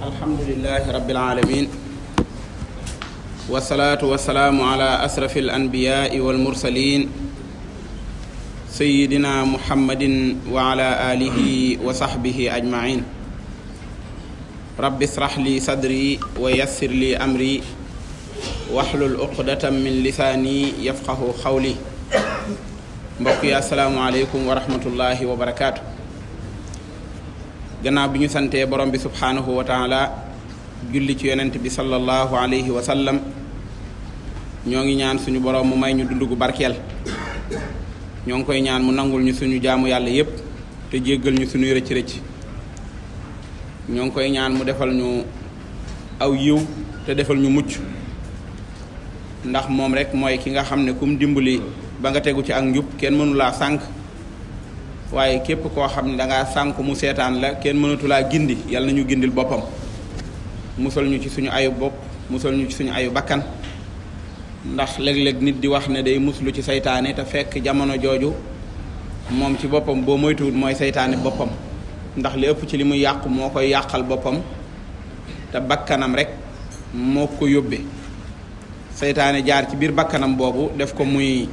alhamdulilahi rabbil alamin wasalaatu wasalaamu ala asrafi al anbiyaai wal mursalin sayidina muhammadin wa ala alihi wa sahbihi ajmain rabbi israh li sadri wa yassir li amri waxlul uqdatam min lisaani yafqahu xawli mbokk yi asalaamualeykum wa rahmatullahi wa barakaatu gannaaw bi ñu santee borom bi subhaanahu wa taala julli ci yonent bi sallallahu alayhi wa sallam ñoo ngi ñaan suñu borom mu may ñu dund gu barkeel ñoo ngi koy ñaan mu nangul ñu suñu jaamu yàlla yépp te jéggal ñu suñuy rëcc rëcc ñoo ngi koy ñaan mu defal ñu aw yiw te defal ñu mucc ndax moom rek mooy ki nga xam ne kum dimbali ba nga tegu ci ak njub kenn mënu laa sànq waaye képp koo xam ne danga sànk mu seetaan la kenn mënatulaa gindi yàlla nañu gindil boppam musal ñu ci suñu ayu bopp musal ñu ci suñu ayu bakkan ndax léeg-léeg nit di wax ne day muslu ci seytaane te fekk jamono jooju moom ci boppam boo moytuwul mooy saytaane boppam ndax li ëpp ci li mu yàqu moo koy yàqal boppam te bakkanam rekk moo ko yóbbe seytaane jaar ci biir bakkanam boobu def ko muy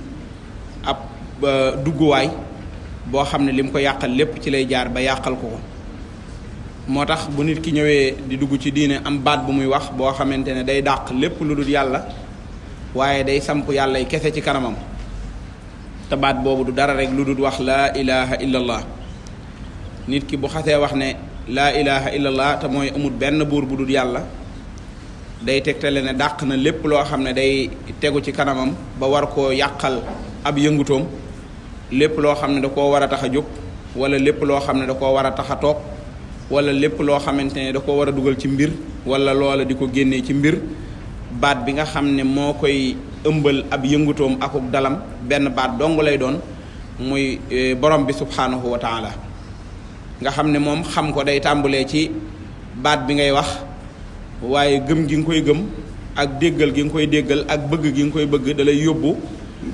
ab euh, dugguwaay boo xam ne li mu ko yàqal lépp ci lay jaar ba yàqal ko moo tax bu nit ki ñëwee di dugg ci diine am baat bu muy wax boo xamante ne day dàq lépp lu dul yàlla waaye day samp yàlla yi kese ci kanamam te baat boobu du dara rek lu dul wax laa ilaha illallah nit ki bu xasee wax ne laa ilaha illallah te mooy amut benn buur bu dul yàlla day tegtale ne dàq na lépp loo xam ne day tegu ci kanamam ba war koo yàqal ab yëngutoom lépp loo xam ne da koo war a tax a jóg wala lépp loo xam ne da koo war a tax a toog wala lépp loo xamante ne da koo war a dugal ci mbir wala loola di ko génnee ci mbir baat bi nga xam ne moo koy ëmbal ab yëngutoom akub dalam benn baat dong lay doon muy e, borom bi subhaanahu wa taala nga xam ne moom xam ko day tàmbulee ci baat bi ngay wax waaye gëm gi nga koy gëm ak déggal gi nga koy déggal ak bëgg gi nga koy bëgg da lay yóbbu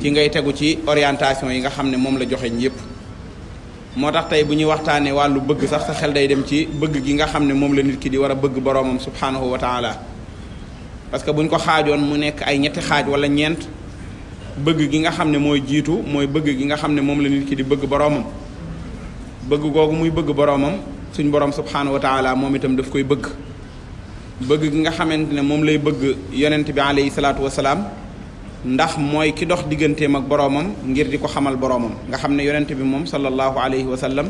ci ngay tegu ci orientation yi nga xam ne moom la joxe ñëpp moo tax tey bu ñuy waxtaanee wàllu bëgg sax sa xel day dem ci bëgg gi nga xam ne moom la nit ki di war a bëgg boroomam subhaanahu wa taala parce que bu ko xaajoon mu nekk ay ñetti xaaj wala ñeent bëgg gi nga xam ne mooy jiitu mooy bëgg gi nga xam ne moom la nit ki di bëgg boroomam bëgg googu muy bëgg boroomam suñ boroom subhaanahu wa moom itam daf koy bëgg bëgg gi nga xamante ne moom lay bëgg yonent bi alayhi salaatu wa salaam ndax mooy ki dox digganteem ak boroomam ngir di ko xamal boroomam nga xam ne yonent bi moom sallallahu alayhi wa sallam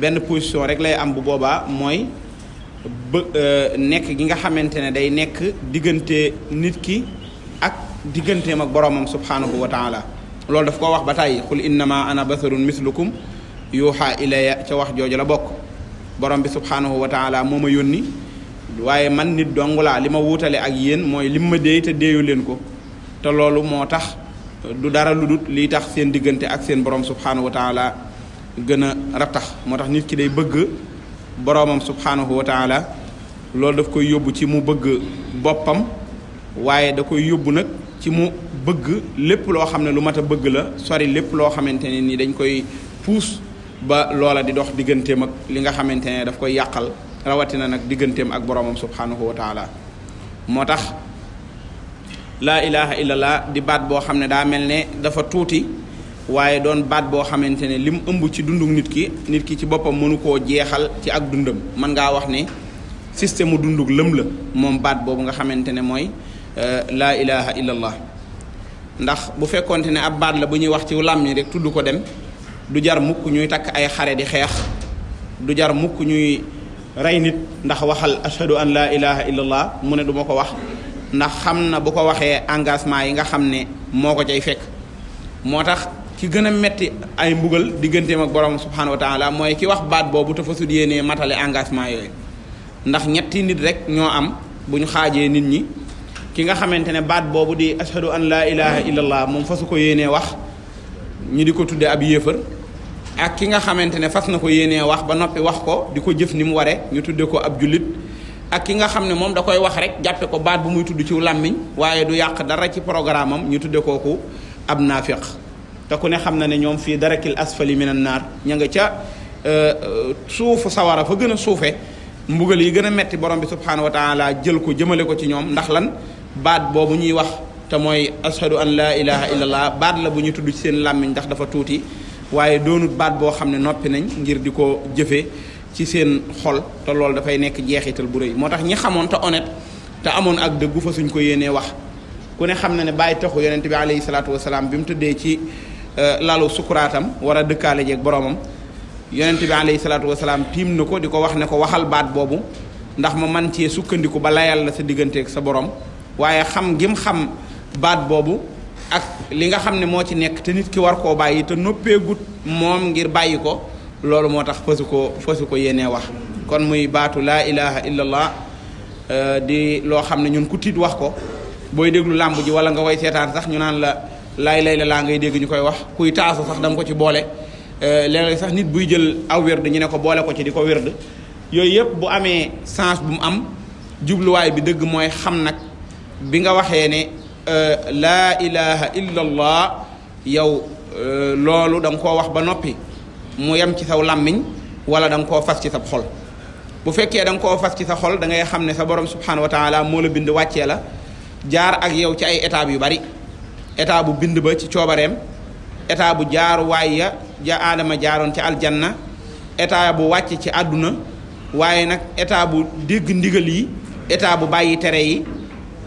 benn position rek lay am bu boobaa mooy bë euh, nekk gi nga xamante ne day nekk diggante nit ki ak digganteem ak boroomam subhaanahu wa taala loolu daf koo wax ba tàyyi qul innama ana basarun mislukum yuuxa ilaya ca wax jooju la bokk borom bi subhaanahu wa taala moo ma yónni waaye man nit dong laa li ma wuutale ak yéen mooy lim ma déey te déeyu leen ko te loolu moo tax du dara lu dut lii tax seen diggante ak seen borom subhanahu wa taala gën a rattax moo tax nit ki day bëgg boromam subhanahu wa taala loolu daf koy yóbbu ci mu bëgg boppam waaye da koy yóbbu nag ci mu bëgg lépp loo xam ne lu mat a bëgg la sori lépp loo xamante ne ni dañ koy puus ba loola di dox digganteem ak li nga xamante ne daf koy yàqal rawatina nag digganteem ak boromam subhanahu wa taala moo tax laa ilaha illallah di baat boo xam ne daa mel ne dafa tuuti waaye doon baat boo xamante ne lim ëmb ci dundu nit ki nit ki ci boppam mënu koo jeexal ci ak dundam mën ngaa wax ne système mu dundug lëm la moom baat boobu nga xamante ne mooy euh, laa ilaha illallah ndax bu fekkonte ne ab baat la bu ñuy wax ci làmmiñ rek tudd ko dem du jar mukk ñuy takk ay xare di xeex du jar mukk ñuy rey nit ndax waxal ashhadu an laa ilaha illallah mu ne duma ko wax ndax xam na bu ko waxee engagement yi nga xam ne moo ko cay fekk moo tax ki gën a metti ay mbugal digganteem ak borom subhanahu wa taala mooy ki wax baat boobu te fasut yéenee matale engagement yooyu ndax ñetti nit rek ñoo am bu ñu xaajee nit ñi ki nga xamante ne baat boobu di ashadu an laa ilaha illallah moom fasu ko yéenee wax ñi di ko tuddee ab yéefar ak ki nga xamante ne fas na ko yéenee wax ba noppi wax ko di ko jëf ni mu ware ñu tuddee ko ab jullit ak ki nga xam ne moom da koy wax rek jàppe ko baat bu muy tudd ci wu làmmiñ waaye du yàq dara ci programme am ñu tudde kooku ab naafiq te ku ne xam na ne ñoom fii darakil asfali minan naar ña nga ca euh, euh, suufu sawara fa gën a suufe mbugal yi gën a metti borom bi subhaanahu wa taala jël ko jëmale ko ci ñoom ndax lan baat boobu ñuy wax te mooy ashadu an laa ilaha illallah baat la bu ñu tudd ci seen làmmiñ ndax dafa tuuti waaye doonut baat boo xam ne noppi nañ ngir di ko jëfee ci seen xol te loolu dafay nekk jeexital bu rëy moo tax ñi xamoon te honnête te amoon ak dëggu fa suñ ko yéenee wax ku ne xam na ne bàyyi taxu yonent bi alayhi salaatu wasalaam bi mu tëddee ci euh, lalu sukuraatam war a dëkkaale jeeg boromam yonent bi alayhi salaatu wasalaam tiim na ko di ko wax ne ko waxal baat boobu ndax ma man cee sukkandiku ba layal la sa digganteeg sa borom waaye xam gim xam baat boobu ak li nga xam ne moo ci nekk te nit ki war koo bàyyi te noppeegut moom ngir bàyyi ko loolu moo tax fasu ko fësu ko yéenee wax kon muy baatu laa ilaha illallah euh, di loo xam ne ñun ku tiit wax ko booy déglu làmb ji wala nga koy seetaan sax ñu naan la laay lay la laa ngay dégg ñu koy wax kuy taasu sax danga ko ci boole euh, léeg sax nit buy jël aw wérd ñu ne ko boole ko ci di ko wérd yooyu yëpp bu amee sens bu mu am jubluwaay bi dëgg mooy xam nag bi nga waxee ne euh, laa ilaha illallah yow loolu da nga koo wax ba noppi mu yem ci saw làmmiñ wala da koo fas ci sa xol bu fekkee da nga koo fas ci sa xol da ngay xam ne sa borom subhanahu wa taala moo la bind wàccee la jaar ak yow ci ay étapes yu bari état bu bind ba ci coobareem état bu jaar waay ya ja aadama jaaroon ci aljanna état bu wàcc ci àdduna waaye nag état bu dégg ndigal yi état bu bàyyi tere yi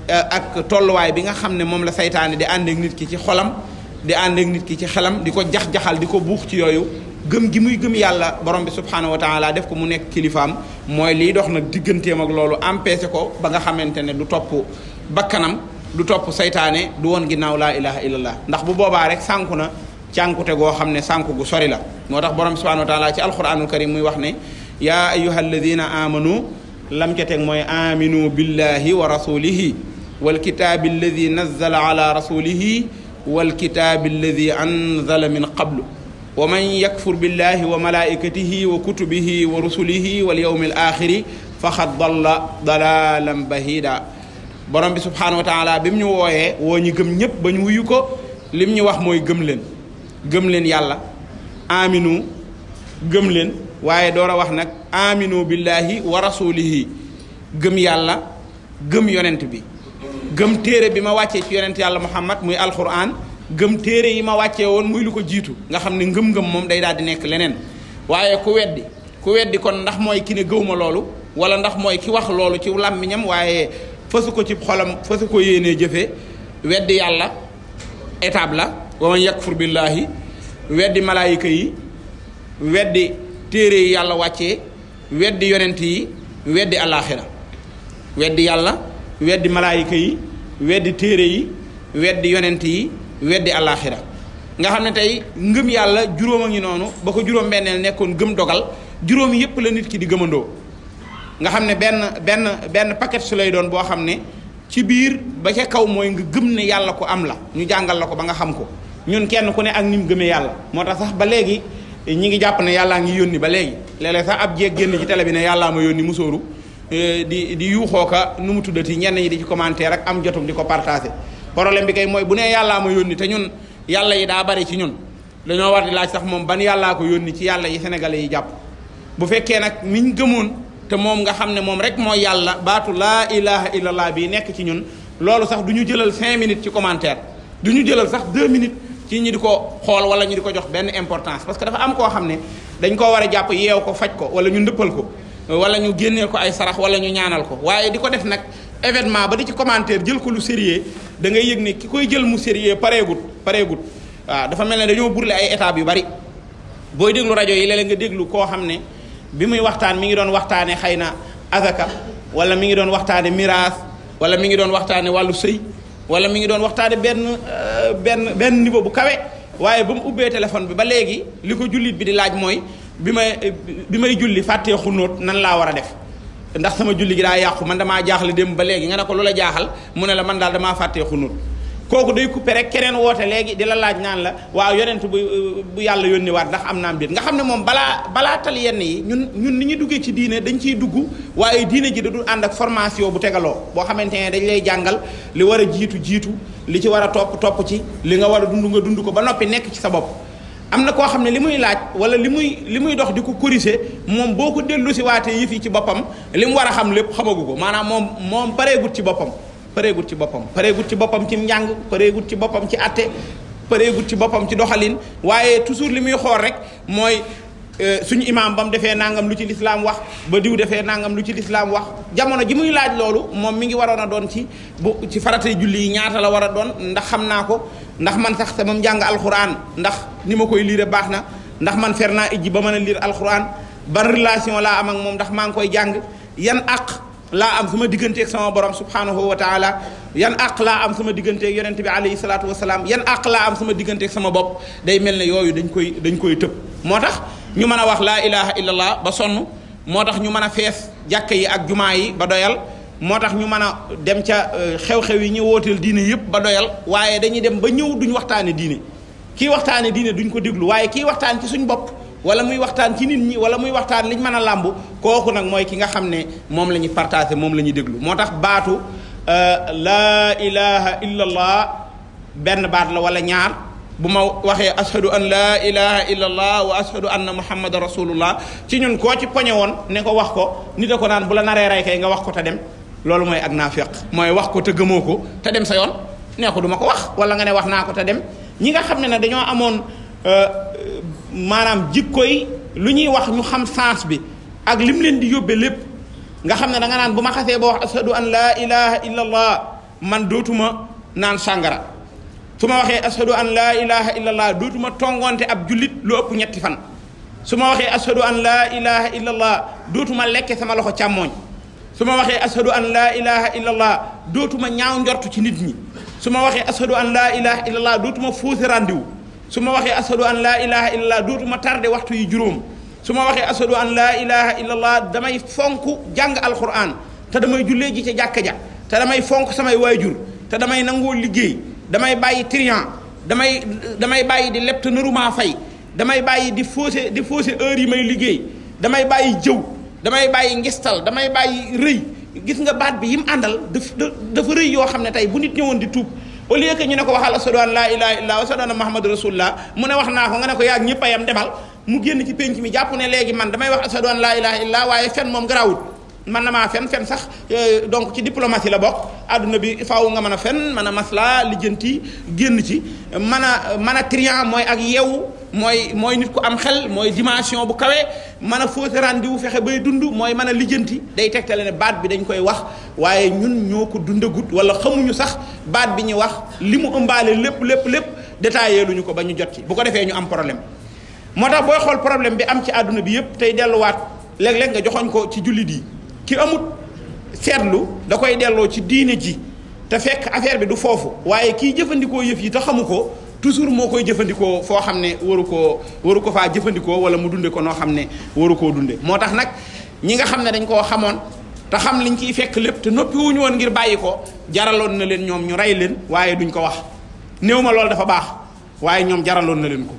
eh, ak tolluwaay bi nga xam ne moom la seytaane di ànd nit ki ci xolam di ànd nit ki ci xelam di ko jax-jaxal di ko buux ci yooyu gëm gi muy gëm yàlla borom bi subhanahu wa taala def ko mu nekk kilifaam mooy liy dox nag digganteem ak loolu empêché ko ba nga xamante ne du topp bakkanam du topp saytaane du woon ginnaaw laa ilaha illallah ndax bu boobaa rek sànku na cànkute goo xam ne sànku gu sori la moo tax borom bi subhanahu wa taala ci alquranul karim muy wax ne yaa ayuha alladina amanu lam ca teg mooy aminu billahi wa rasulihi walkitaabi alladi nazala ala rasulihi walkitaabi alladi wa man yakfur billahi wa malaikatihi wa kutubihi wa rusulihi wal yawmi al axiri faqad dalla dalalan bahida borom bi subhanahu wa taala bi mu ñu wooyee woo ñu gëm ñépp ba ñu wuyu ko lim ñu wax mooy gëm leen gëm leen yàlla aminu gëm leen waaye door a wax nag aminu billahi wa rasulihi gëm yàlla gëm yonent bi gëm téere bi ma wàccee ci yonent yàlla muhammad muy alquran gëm téere yi ma wàccee woon muy lu ko jiitu nga xam ne ngëm-ngëm moom day daal di nekk leneen waaye ku weddi ku weddi kon ndax mooy ki ne gëwuma loolu wala ndax mooy ki wax loolu ci làmmiñam waaye fasu ko ci xolam fasu ko yéenee jëfee weddi yàlla étape la wa man yakfur billaahi weddi malaayika yi weddi téere yi yàlla wàccee weddi yonent yi weddi alaaxira weddi yàlla weddi malaayika yi weddi téere yi weddi yonent yi weddi àllaaxira nga xam ne tey ngëm yàlla juróom a ngi noonu ba ko juróom benneel nekkoon gëm dogal juróom yépp la nit ki di gëmandoo nga xam ne benn benn benn paquet su lay doon boo xam ne ci biir ba ca kaw mooy nga gëm ne yàlla ko am la ñu jàngal la ko ba nga xam ko ñun kenn ku ne ak ni mu gëmee yàlla moo tax sax ba léegi ñi ngi jàpp ne yàllaa ngi yónni ba léegi léeg-léeg sax ab jeeg génn ci télé bi ne yàllaa ma yónni musóoru sóoru eh, di di yuuxoo ka nu mu tuddati ñenn ñi di ci commentaire ak am jotum di ko partagé problème bi kay mooy bu ne yàllaa ma yónni te ñun yàlla yi daa bari ci ñun dañoo war di laaj sax moom ban yàllaa ko yónni ci yàlla yi sénégalais yi jàpp bu fekkee nag niñ gëmoon te moom nga xam ne moom rek mooy yàlla baatu laa ilaha illallah bii nekk ci ñun loolu sax du ñu jëlal cinq minutes ci commentaire du ñu jëlal sax deux minutes ci ñu di ko xool wala ñu di ko jox benn importance parce que dafa am koo xam ne dañ koo war a jàpp yeew ko faj ko wala ñu ndëppal ko wala ñu génnee ko ay sarax wala ñu ñaanal ko waaye di ko def nag événement ba di ci commentaire jël ko lu sérier da ngay yëg ne ki koy jël mu sérieux pareegut pareegut waaw dafa mel ne dañoo burle ay étapes yu bari booy déglu rajo yi léeg nga déglu koo xam ne bi muy waxtaan mi ngi doon waxtaane xëy na azaka wala mi ngi doon waxtaane miraas wala mi ngi doon waxtaane wàllu sëy wala mi ngi doon waxtaane benn euh, benn benn niveau bu kawe waaye ba mu ubbee téléphone bi ba léegi li ko jullit bi di laaj mooy bi may bi may julli fàttee xunóot nan laa war a def ndax sama julli gi daa yàqu man damaa jaaxla dem ba léegi nga ne ko lu la jaaxal mu ne la man daal damaa fàttee xunut kooku day coupé rek keneen woote léegi di la laaj naan la waaw yonent bu bu yàlla yónni waat ndax am naam déet nga xam ne moom balaa balaa tal yenn yi ñun ñun ni ñuy duggee ci diine dañ ciy dugg waaye diine ji da dul ànd ak formation bu tegaloo boo xamante ne dañ lay jàngal li war a jiitu jiitu li ci war a topp topp ci li nga war a dund nga dund ko ba noppi nekk ci sa bopp am na koo xam ne li muy laaj wala li muy li muy dox di ko corriger moom boo ko dellu si waatee yëf yi ci boppam li mu war a xam lépp xamagu ko maanaam moom moom pareegut ci boppam pareegut ci boppam pareegut ci boppam ci njàng gut ci boppam ci atte pareegut ci boppam ci doxalin waaye toujours li muy xool rek mooy euh, suñu imaam ba mu defee nangam lu ci lislaam wax ba diw defee nangam lu ci lislaam wax jamono ji muy laaj loolu moom mi ngi waroon a doon ci bu ci faratay julli ñaata la war a doon ndax naa ko ndax man sax sama jàng alxuraan ndax ni ma koy liire baax na ndax man fer naa ijji ba mën a liir alxuraan ban relation laa am ak moom ndax maa ngi koy jàng yan àq laa am sama digganteeg sama borom subhanahu wa taala yan àq laa am sama digganteeg yonent bi alayhi salaatu wa salaam yan àq laa am sama digganteeg sama bopp day mel ne yooyu dañ koy dañ koy tëb moo tax ñu mën a wax laa ilaha illallah ba sonn moo tax ñu mën a fees jàkka yi ak jumaa yi ba doyal moo tax ñu mën a dem ca euh, xew-xew yi ñu wooteel diine yëpp ba doyal waaye dañuy dem ba ñëw duñ waxtaane diine kii waxtaane diine duñ ko déglu waaye kii waxtaan ci suñ bopp wala muy waxtaan ci nit ñi wala muy waxtaan liñ mën a làmb kooku nag mooy ki nga xam ne moom la ñuy partagé moom la déglu moo tax baatu euh, laa ilaha illa allah benn baat la wala ñaar bu ma waxee ashadu an laa ilaha illa allah wa ashadu anna muhammadan rasulullah ci ñun koo ci poñe woon ne ko wax ko nit a ko naan bu la naree rey kay nga wax ko te dem loolu mooy ak naafeq mooy wax ko te gëmoo ko te dem sa yoon nee ko duma ko wax wala nga ne wax naa ko ta dem ñi nga xam ne ne dañoo amoon euh, maanaam koy lu ñuy wax ñu xam sens bi ak lim leen di yóbbee lépp nga xam ne danga naan bu ma xasee ba wax ashadu an laa ilaha illa allah man dootuma naan sàngara su ma waxee ashadu an laa ilaha illa dootuma tongoonte ab jullit lu ëpp ñetti fan su ma waxee ashadu an laa ilaha illa allah dootuma lekke sama loxo càmmooñ su ma waxee ashadu an laa ilaha illallah dootuma ñaaw njort ci nit ñi su ma waxee ashadu an laa ilaha illallah dootuma fuusi ràndiwu su waxee ashadu an laa ilaha illallah dootuma tardé waxtu yi juróom su ma waxee ashadu an laa ilaha illallah damay fonk jàng alquran te damay jullee ji ca jàkka ja te damay fonk samay waajur te damay nangoo liggéey damay bàyyi trian damay damay bàyyi di lepp te narumaa fay damay bàyyi di faussé di faussé heure yi may liggéey damay bàyyi jëw damay bàyyi ngistal damay bàyyi rëy gis nga baat bi yi mu àndal daf dafa rëy yoo xam ne tey bu nit ñëwoon di tuub au lieu que ñu ne ko waxal ashadu an laa ilaha illa wa ashadu anna muhammadu rasulullah mu ne wax naa ko nga ne ko ñëpp ayam demal mu génn ci pénc mi jàpp ne léegi man damay wax ashadu an laa ilaha illa waaye fen moom garaawut man na maa fen fen sax euh, donc ci diplomatie la bokk àdduna bi faaw nga mën a fen mën a masla lijjanti génn ci mën a mën a trian mooy ak yeewu mooy mooy nit ku am xel mooy dimension bu kawe mën a fóotaraan di wu fexe bay dund mooy mën a lijjanti day tegtale ne baat bi dañ koy wax waaye ñun ñoo ko dundagut wala xamuñu sax baat bi ñu wax li mu ëmbaale lépp lépp lépp détaillé luñu ko ba ñu jot ci bu ko defee ñu am problème moo tax booy xool problème bi am ci àdduna bi yépp tey delluwaat léeg-léeg nga joxoñ ko ci jullit yi ki amut seetlu da koy delloo ci diine ji te fekk affaire bi du foofu waaye kii jëfandikoo yëf yi te xamu ko toujours moo koy jëfandikoo foo xam ne waru koo waru ko faa jëfandikoo wala mu dunde ko noo xam ne waru koo dunde moo tax nag ñi nga xam ne dañ koo xamoon te xam liñ ciy fekk lépp te noppi woon ngir bàyyi ko jaraloon na leen ñoom ñu rey leen waaye duñ ko wax néew ma loolu dafa baax waaye ñoom jaraloon na leen ko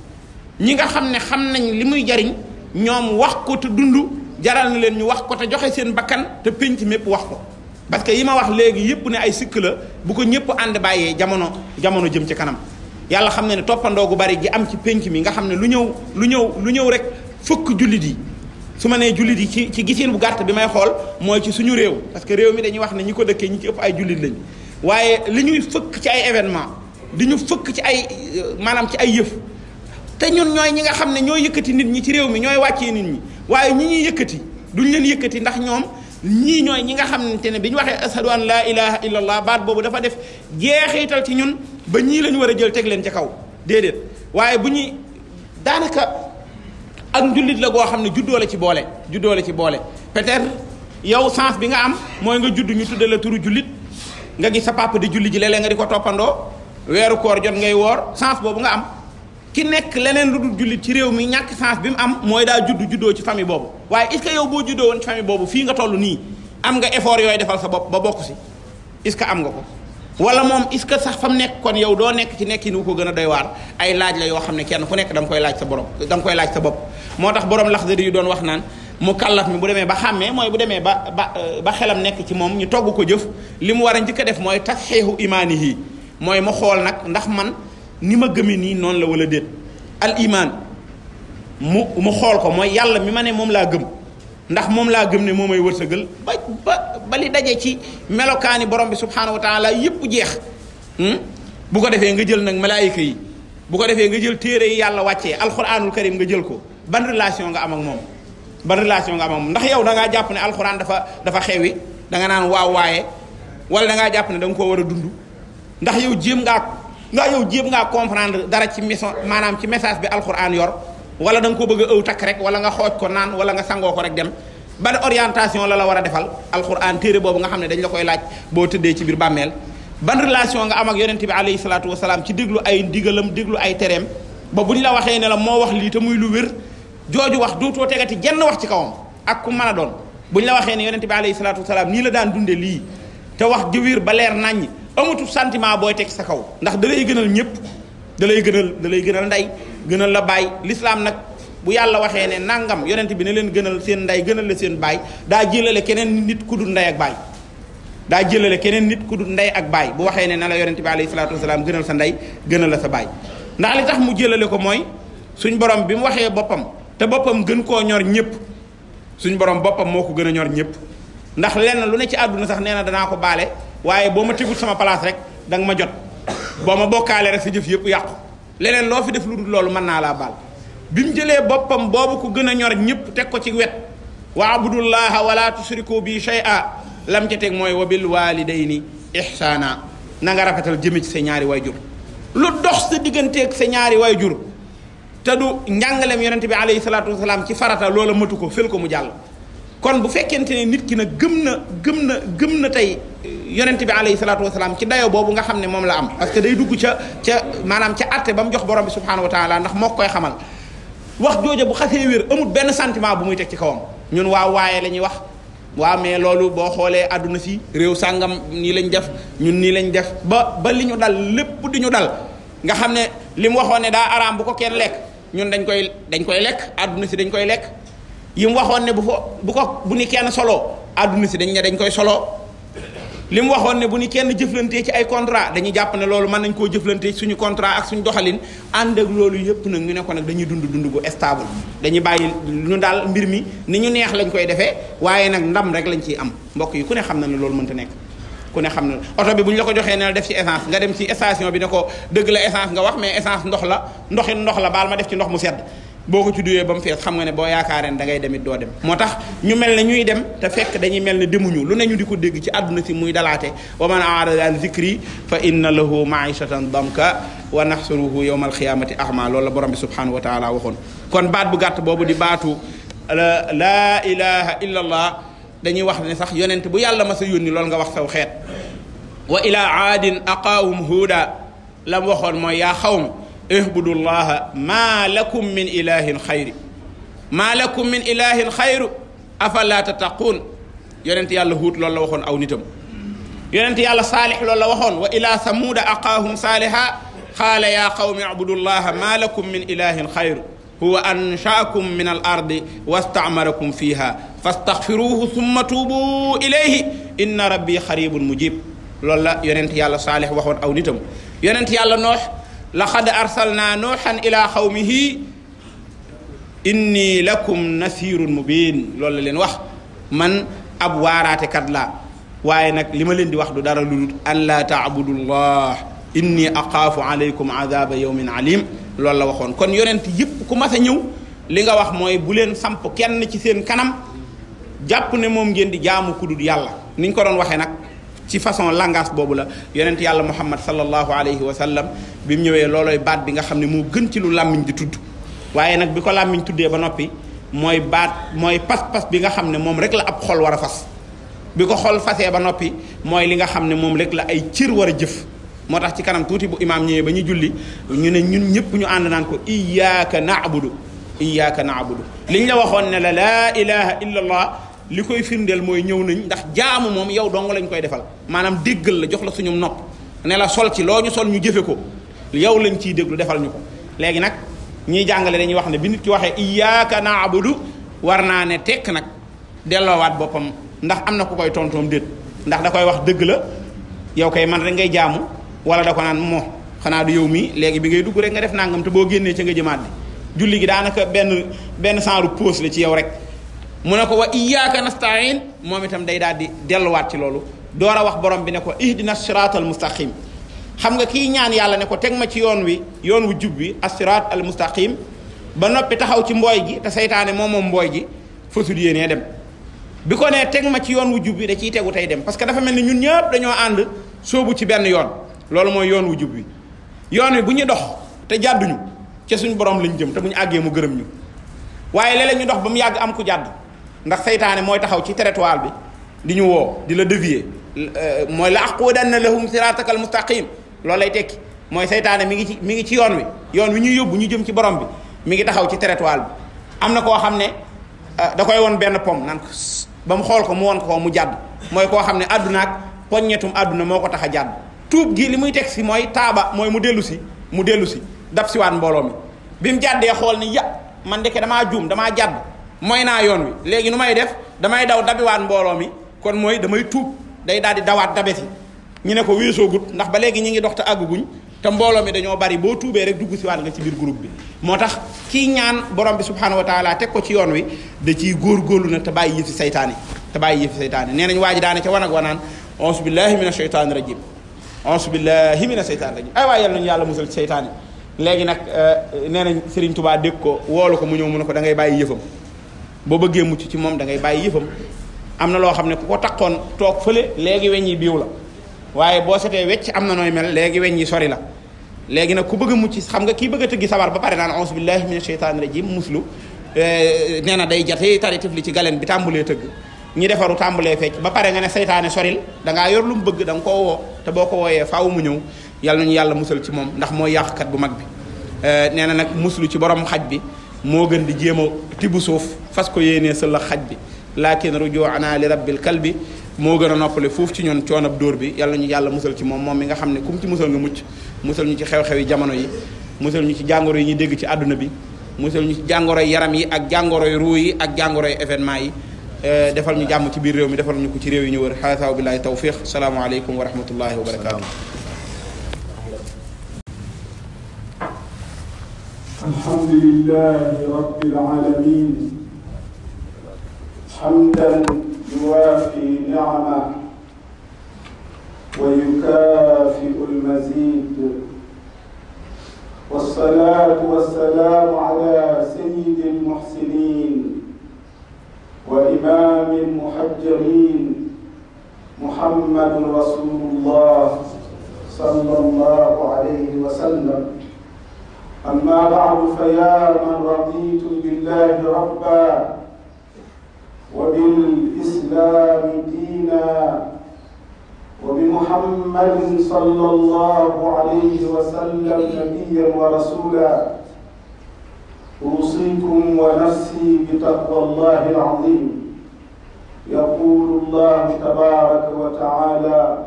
ñi nga xam ne xam nañ li muy jariñ ñoom wax ko te dund jaral na leen ñu wax ko te joxe seen bakkan te pénc mépp wax ko parce que yi ma wax léegi yépp ne ay sikk la bu ko ñëpp ànd bàyyee jamono jamono jëm ci kanam yàlla xam ne ne toppandoo gu bari gi am ci pénc mi nga xam ne lu ñëw lu ñëw lu ñëw rek fukk jullit yi su ma nee jullit yi ci ci gisin bu gàtt bi may xool mooy ci suñu réew parce que réew mi dañuy wax ne ko dëkkee ñi ci ëpp ay jullit lañ waaye li ñuy fëkk ci ay événement di ñu fëkk ci ay euh, maanaam ci ay yëf te ñun ñooy ñi nga xam ne ñooy yëkkati nit ñi ci réew mi ñooy wàccee nit ñi waaye ñi ñuy yëkkati duñ leen yëkkati ndax ñoom ñii ñooy ñi nga xamante ne bi ñu waxee ashadu an laa ilaha illa baat boobu dafa def jeexital ci ñun ba ñii lañu war a jël teg leen ca kaw déedéet waaye bu ñuy daanaka ak njullit la goo xam ne juddoo la ci boole juddoo la ci boole peut-être yow sens bi nga am mooy nga judd ñu tuddee la turu jullit nga gis sa papa di julli ji léeg-léeg nga di ko toppandoo weeru koor jot ngay woor sens boobu nga am ki nekk leneen lu dul jullit ci réew mi ñàkk sens bi mu am mooy daa judd juddoo ci famille boobu waaye est-ce que boo juddoo woon ci famille boobu fii nga toll nii am nga effort yooyu defal sa bopp ba bokk si est-ce que am nga ko wala moom est-ce que sax fa mu nekk kon yow doo nekk ci nekkin wu ko gën a doy waar ay laaj la yoo xam ne kenn ku nekk da nga koy laaj sa da nga laaj sa bopp moo tax borom laxdari yu doon wax naan mu kàllaf mi bu demee ba xàmmee mooy bu demee ba ba euh, ba xelam nekk ci moom ñu togg ko jëf li mu war a njëkk a def mooy tax xeexu imaani yi mooy mu xool nag ndax man ni ma gëmee nii noonu la wala déet al imaan mu mu xool ko mooy yàlla mi ma ne moom laa gëm ndax moom laa gëm ne moo may wërsëgal ba ba ba li dajee ci melokaani borom bi subhaanahu wa taala yépp jeex hmm? bu ko defee nga jël nag malaayika yi bu ko defee nga jël téere yi yàlla wàccee alxuraanul karim nga jël ko ban relation nga am moom ban relation nga am moom ndax yow da ngaa jàpp ne alxuraan dafa dafa xewi da nga naan waaw waaye wala da jàpp ne danga nga koo war a dund ndax yow jéem ngaa nga yow jéem ngaa comprendre dara ci mission maanaam ci message bi alxuraan yor wala da ko bëgg a ëw takk rek wala nga xooj ko naan wala nga sangoo ko rek dem ban orientation la la war a defal alxuraan téere boobu nga xam ne dañ la koy laaj boo tëddee ci biir bàmmeel ban relation nga am ak yonent bi alayhi salaatu wasalaam ci déglu ay ndigalam déglu ay tereem ba la waxee ne la moo wax lii te muy lu wér jooju wax dootoo tegati jenn wax ci kawam ak ku mën bu ñu la waxee ne yonent bi alayhi salaatu wasalaam nii la daan dunde lii te wax ji ba leer naññ amatu sentiment booy teg sa kaw ndax da lay gënal ñëpp da lay gënal da lay gënal ndey gënal la bàyyi lislaam nag bu yàlla waxee ne nangam yonent bi ne leen gënal seen ndey gënal la seen baay daa jëlale keneen nit ku dul ndey ak baay daa jëlale keneen nit ku dul ndey ak baay bu waxee ne na la yonent bi alayhi salaatu wasalaam gënal sa ndey gënal la sa baay ndax li tax mu jëlale ko mooy suñu borom bi mu waxee boppam te boppam gën koo ñor ñëpp suñu borom boppam moo ko gën a ñor ñëpp ndax lenn lu ne ci àdduna sax nee na danaa ko baale waaye boo ma tegul sama place rek da nga ma jot boo ma bokkaale rek sa jëf yëpp yàqu leneen loo fi def lu dul loolu mën naa laa baal bi mu jëlee boppam boobu ku gën a ñor ñëpp teg ko ci wet wa abudullaha wala tusriku bi shay'a lam ca teg mooy wa bil walidayni ihsaana na nga rafetal jëme ci sa ñaari wayjur lu dox sa digganteeg sa ñaari jur te du njàngaleem yonente bi alayhi salaatu wasalaam ci farata loola matu ko fël ko mu jàll kon bu fekkente ne nit ki nag gëm na gëm na gëm na tey yonent bi alayhi salaatu wasalaam ci dayoo boobu nga xam ne moom la am parce que day dugg ca ca maanaam ca atte ba mu jox borom bi subhanahu wa taala ndax moo koy xamal wax jooja bu xasee wér amul benn sentiment bu muy teg ci kawam ñun waaw waaye la ñuy wax waa mais loolu boo xoolee àdduna si réew sàngam nii lañ def ñun nii lañ def ba ba li ñu dal lépp di ñu dal nga xam ne li mu waxoon ne daa araam bu ko kenn lekk ñun dañ koy dañ koy lekk àdduna si dañ koy lekk yi mu waxoon ne bu ko bu ko bu ni kenn solo àdduna si dañ dañ koy solo li mu waxoon ne bu ñu kenn jëflantee ci ay contrat dañuy jàpp ne loolu mën nañ koo jëflante suñu contrat ak suñu doxalin ànd ak loolu yëpp nag ñu ne nag dañuy dund dund bu stable dañuy bàyyi ñu daal mbir mi ni ñu neex lañ koy defee waaye nag ndam rek lañ ci am mbokk yi ku ne xam na ne loolu mënta nekk ku ne xam na oto bi bu ñu la ko joxee ne la def ci essence nga dem ci station bi ne ko dëgg la essence nga wax mais essence ndox la ndoxin ndox la baal ma def ci ndox mu sedd boo ko ci duyee ba mu fees xam nga ne boo yaakaaree ne da ngay demit doo dem moo tax ñu mel ne ñuy dem te fekk dañuy mel ne demuñu lu ne ñu di ko dégg ci àdduna si muy dalaate wa man aarada an zikri fa inna lahu maishatan damka wa nahsuruhu yawma alqiyamati ahma loolu la borom bi subhanahu wa taala waxoon kon baat bu gàtt boobu di baatu laa ilaha illa allah dañuy wax ne sax yonent bu yàlla ma sa yónni loolu nga wax saw xeet wa ila aadin aqaahum huuda lam waxoon mooy yaa xawm ihbudu llaha maa lakum min ilahin xayri maa lakum min ilahin xayru afala tattaquun yonent yàlla huut loolu la waxoon aw nitam yonent yàlla saalix loolu la waxoon wa ila samuuda aqaahum saaliha qaala yaa qawmi abudu llaha maa lakum min ilahin xayru huwa anshaakum min al ardi wastaamarakum fiha fastaxfiruhu summa tuubu ilayhi inna rabbi xaribun mujib loolu la yonent yàlla saalix waxoon aw nitam yonent yàlla noox laqad arsalna nuuxan ila xawmihi inni lakum nasirun mubin loolu la leen wax man ab waaraatekat la waaye nag li ma leen di wax du dara lu dul an laa taabudullah inni aqaafu alaykum adaba yawmin alim loolu la waxoon kon yonent yëpp ku mas a ñëw li nga wax mooy bu leen samp kenn ci seen kanam jàpp ne moom ngeen di jaamu ku dul yàlla ni ñu ko doon waxee nag ci façon langage boobu la yonent yàlla muhammad sallallahu alayhi wa sallam bi mu ñëwee loolooy baat bi nga xam ne moo gën ci lu làmmiñ di tudd waaye nag bi ko làmmiñ tuddee ba noppi mooy baat mooy pas-pas bi nga xam ne moom rek la ab xol war a fas bi ko xol fasee ba noppi mooy li nga xam ne moom rek la ay cir war a jëf moo tax ci kanam tuuti bu imaam ñëwee ba ñu julli ñu ne ñun ñëpp ñu ànd naan ko iyaaka naabudu iyaaka naabudu liñ la waxoon ne la laa ilaha illa li koy firndeel mooy ñëw nañ ndax jaamu moom yow dong lañ koy defal maanaam déggal la jox la su suñu nopp ne la sol ci loo ñu sol ñu jëfe ko yow lañ ciy déglu defal ñu ko léegi nag ñiy jàngale dañuy wax ne bi nit ki waxee iyyaka na'budu war naa ne tekk nag delloowaat boppam ndax am na ku koy tontoom déet ndax da koy wax dëgg la yow kay man rek ngay jaamu wala da ko naan moo xanaa du yow mii léegi bi ngay dugg rek nga def nangam te boo génnee ca nga jëmaat bi julli gi benn benn genre pause la ci yow rek mu ne ko wa iyyaka nasta'in moom itam day daal di delluwaat ci loolu door a wax borom bi ne ko ihdina siraat al mustaqim xam nga kii ñaan yàlla ne ko teg ma ci yoon wi yoon wu jub bi asirat al mustaqim ba noppi taxaw ci mbooy gi te saytaane moom mbooy gi fasul yéenee dem bi ko nee teg ma ci yoon wu jub bi da ciy tegu tey dem parce que dafa mel ni ñun ñëpp dañoo ànd soobu ci benn yoon loolu mooy yoon wu jub wi yoon wi bu ñu dox te jàdduñu ca suñu borom lañ jëm te bu àggee mu gërëm ñu waaye léeg-léeg ñu dox ba mu yàgg am ku jàdd ndax seytaane mooy taxaw ci territoire bi di ñu woo di la dévier euh, mooy la aqudanna lahum siraataka al mustaqim loolu lay tekki mooy seytaane mi ngi ci mi ngi ci yoon wi yoon wi ñu yóbbu ñu jëm ci borom bi mi ngi taxaw ci territoire bi am na koo xam ne euh, da koy woon benn pom naan ko ba mu xool ko mu woon ko mu jàdd mooy koo xam ne àdduna ak poññetum àdduna moo ko tax a jàdd tuub gi li muy teg si mooy taaba mooy mu dellu si mu dellu si dab siwaat mbooloo mi bi mu jàddee xool ni ya man damaa juum damaa jàdd mooy naa yoon wi léegi nu may def damay daw dabiwaat mbooloo mi kon mooy damay tuub day daal di dawaat dabe yi ñu ne ko weesoo gut ndax ba léegi ñu ngi dox te àgguguñ te mbooloo mi dañoo bari boo tuubee rek dugg si waat nga ci biir group bi moo tax kii ñaan borom bi subhanahu wa taala teg ko ci yoon wi da ciy góorgóorlu nag te bàyyi yëfi saytaan yi te bàyyi yëfi saytaan yi nee nañ waa ji daana ca wan ak wanaan auzu billahi mina sheytaani rajim auzu billahi mina sheytaani rajim ay waay yàlla nañu yàlla musal ci saytaan yi léegi nag euh, nee nañ Serigne Touba dégg ko woolu ko mu ñëw mu ne ko da bàyyi yëfam boo bëggee mucc ci moom da ngay bàyyi yëfam am na loo xam ne ku ko takkoon toog fële léegi weñ yi biiw la waaye boo setee wecc am na nooy mel léegi weñ yi sori la léegi nag ku bëgg a mucc xam nga kii bëgg a tëggi sabar ba pare naan auzu billahi mina sheytaani rajim muslu eh, nee na day jate tari tifli ci galen bi tàmbulee tëgg ñi defaru tàmbulee fecc ba pare nga ne seytaane soril dangaa ngaa yor lu mu bëgg danga koo woo te boo ko wooyee faaw mu ñëw yàlla nañu yàlla musal ci moom ndax mooy yàqkat bu mag bi eh, nee na nag muslu ci borom xaj bi moo gën di jéem a tibb suuf fas ko yéenee sa la xaj bi laakin rujoo anaa li rabbil kalbi moo gën a noppale foofu ci ñoon coonab dóor bi yàlla ñu yàlla musal ci moom moom mi nga xam ne kum ci musal nga mucc musal ñu ci xew-xew yi jamono yi musal ñu ci jàngoro yi ñu dégg ci àdduna bi musal ñu ci jàngoroy yaram yi ak jàngoroy ruu yi ak yi événement yi eh, defal ñu jàmm ci biir réew mi defal ñu ko ci réew yi ñu wër xaasaaw billaahi tawfiq salaamu aleykum wa rahmatullahi wa barakaatu الحمد لله رب العالمين حمدا يوافي نعمه ويكافئ المزيد والصلاة والسلام على سيد المحسنين وإمام المحجرين محمد رسول الله صلى الله عليه وسلم أما بعد فيا من رضيتم بالله ربا وبالإسلام دينا وبمحمد صلى الله عليه وسلم نبيا ورسولا أوصيكم ونفسي بتقوى الله العظيم يقول الله تبارك وتعالى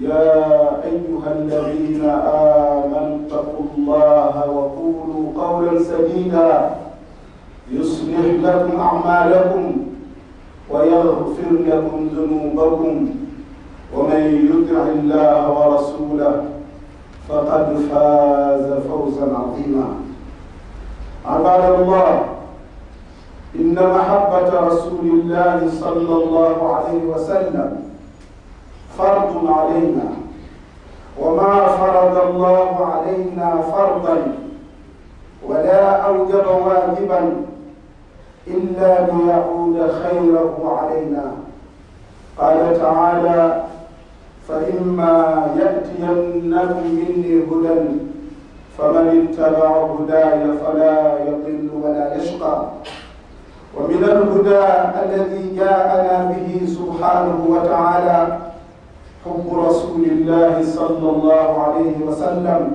يا أيها الذين آمنوا اتقوا الله وقولوا قولا سديدا يصلح لكم أعمالكم ويغفر لكم ذنوبكم ومن يطع الله ورسوله فقد فاز فوزا عظيما عباد الله إن محبة رسول الله صلى الله عليه وسلم فرض علينا وما فرض الله علينا فرضا ولا أوجب واجبا إلا ليعود خيره علينا قال تعالى فإما يأتينكم مني هدى فمن اتبع هداي فلا يضل ولا يشقى ومن الهدى الذي جاءنا به سبحانه وتعالى حب رسول الله صلى الله عليه وسلم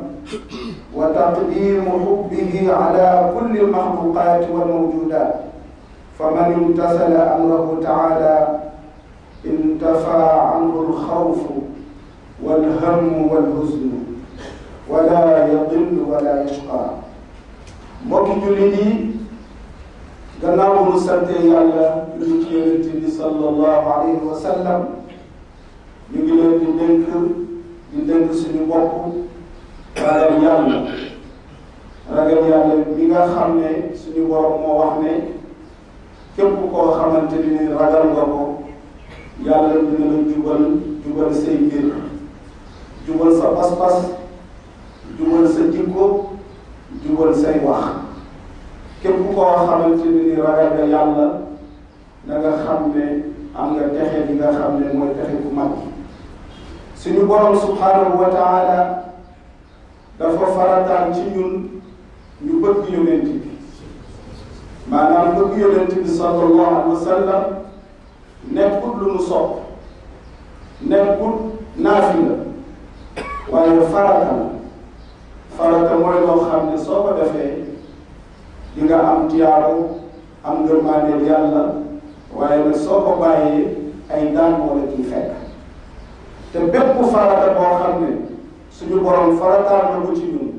وتقديم حبه على كل المخلوقات والموجودات فمن امتثل امره تعالى انتفى عنه الخوف والهم والحزن ولا يضل ولا يشقى mbokki jullit yi gannaaw bu nu sante yàlla lu ci yonente bi sallallahu alayhi wa sallam ñu ngi leen di dénk di dénk suñu bopp ragal yàlla ragal yàlla bi nga xam ne suñu borom moo wax ne képp koo xamante ni ragal nga ko yàlla dina la jubal jubal say mbir jubal sa pas-pas jubal sa jikko jubal say wax képp koo xamante ni ragal nga yàlla na nga xam ne am nga texe bi nga xam ne mooy texe bu mag suñu borom subhanahu wa taala dafa farataan ci ñun ñu bëgg yonent bi maanaam bëgg yonent bi sallallahu alayhi wa sallam nekkul lu nu sopp nekkul naafila waaye farata mooy loo xam ne soo ko defee di nga am tiyaaru am ngërmaaneel yàlla waaye nag soo ko ay daan moo la ciy te bépp farata boo xam ne suñu borom farataal na ko ci ñun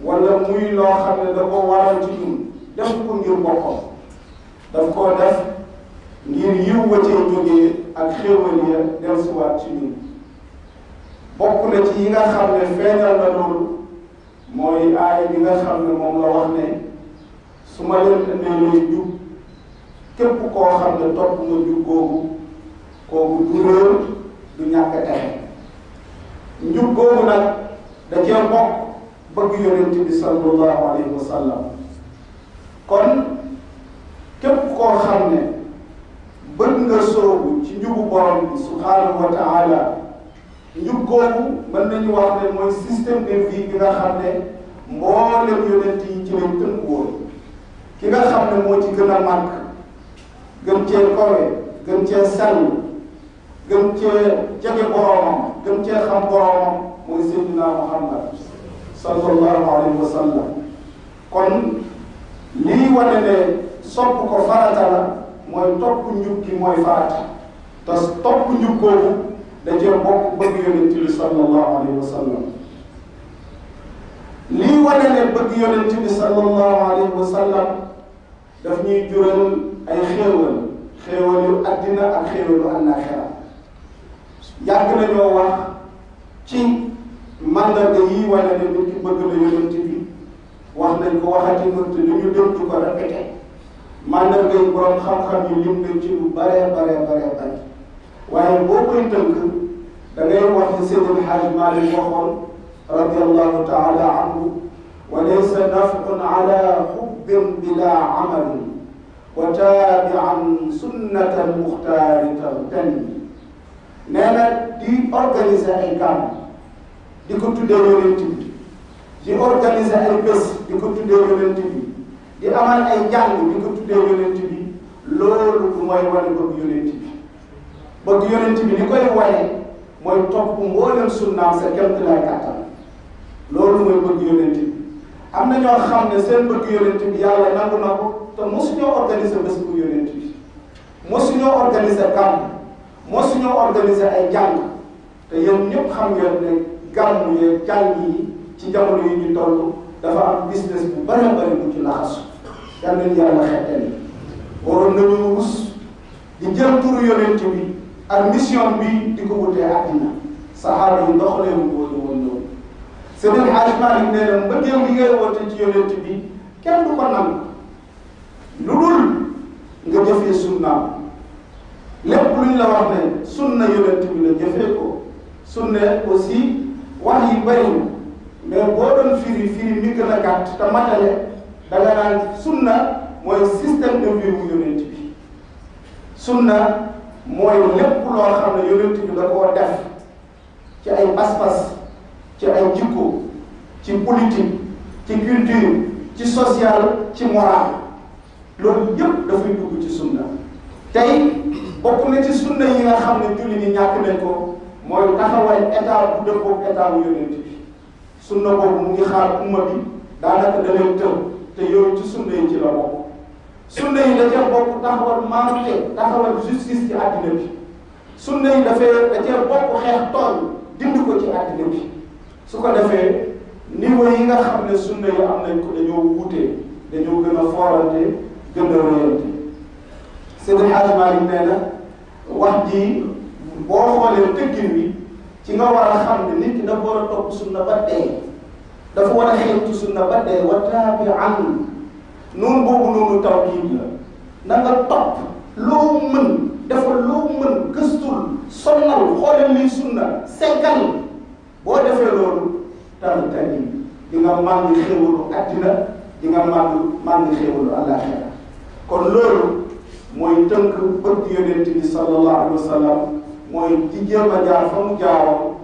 muy loo xam ne da ko waral ci ñun def ko ngir boppam daf koo def ngir yiw wëccee jógee ak xéewal ya del suwaat ci ñun bokk na ci yi nga xam ne feeñal na loolu mooy aay bi xam ne moom la wax ne su ma leen indee lay koo xam ne topp nga jub googu kooku du du ñàkk a tere njub boobu nag da cee bokk bëgg yonent bi sallallahu alayhi wa kon képp koo xam ne bëgg nga soobu ci njubu borom bi subhaanahu wa taala njub googu mën nañu wax ne mooy système de vie bi nga xam ne mboolem yonent yi ci lañ tënkuwoon ki nga xam ne moo ci gën a màgg gën cee kowe gën cee sell gën cee jege boroomam gën cee xam boroomam mooy Seydina Muhammad sallallahu alayhi wa sallam kon lii wane ne sopp ko farata la mooy topp njub gi mooy farata te topp njub googu da cee bokk bëgg yonent bi sallallahu alayhi wa sallam lii wane ne bëgg yonent bi sallallahu alayhi wa sallam daf ñuy jural ay xéewal xéewal yu addina ak xéewal yu àllaaxira yàgg nañoo wax ci mandarga yii wala ne nit ki bëgg na yonent bi wax nañ ko waxati mënte lu ñu dëntu ko répété mandarga yi borom xam-xam yi lim nañ ci lu baree baree baree waaye boo koy tënk da ngay wax ne Seydil Hadj Malick waxoon radiyallahu taala anhu wa laysa ala hubbin bila amalin wa taabi'an sunnata al-muxtaari tartani nee na di organiser ay gàmm di ko tuddee yonent bi di organiser ay bés di ko tuddee yonent bi di amal ay njàng di ko tuddee yonent bi loolu mooy wane bëgg yonent bi bëgg yonent bi ni koy wane mooy topp mboolem sunnaam sa kemt lay kàttan loolu mooy bëgg yonent bi am na ñoo xam ne seen bëgg yonent bi yàlla nangu na ko te mosuñoo organiser bés bu yonent bi mosuñoo moo suñoo organiser ay jàng te yéen ñëpp xam ngeen ne gàmmu yeeg jàng yi ci jamono yi ñu toll dafa am business bu bari bari bu ci laxasu yal nañu yàlla xettali waroon nañu wus di jël turu yonent bi ak mission bi di ko wutee àddina saxaaba yi ndoxalee mu wóolu woon loolu Sëriñ Hajj Malick nee na mbëggeel gi ngay woote ci yonent bi kenn du ko nangu lu dul nga jëfee sunnaam lépp luñ la wax ne sunna yonent bi la jëfee ko sunna aussi wax yi bariwul mais boo doon firi mi gën a gàtt te matale da nga naan sunna mooy système de vie bu yonent bi sunna mooy lépp loo xam ne yonent bi da koo def ci ay pas ci ay jikko ci politique ci culture ci social ci moral loolu yëpp dafay dugg ci sunna te bokk na ci sunna yi nga xam ne julli ni ñàkk nañ ko mooy taxawal état bu dëppoo état bu yonent bi sunna boobu mu ngi xaar umma bi daanaka da leen te yooyu ci sunna yi ci la bokk sunna yi da cee bokk taxawal maanute taxawal justice ci àddina bi sunna yi dafee da cee bokk xeex tooñ dind ko ci bi su ko defee niveau yi nga xam ne sunna yi am nañ ko dañoo wuute dañoo gën a foorante gën a rëyante Seydi Hadji Malick nee na wax ji boo xoolee tëggin wi ci nga war a xam ne nit ki dafa war a topp sunna ba dee dafa war a xeeñtu sunna ba dee wa taabi an noonu boobu noonu tawkiid la na nga topp loo mën dafa loo mën gëstul sonnal xoolal liy sunna senkal boo defee loolu tam tani di nga màng xéwalu addina di nga màng màng xéwalu àllaaxira kon loolu mooy tënk bëgg yonent bi sallallahu alayhi wa mooy di jéem a jaar fa mu jaaroon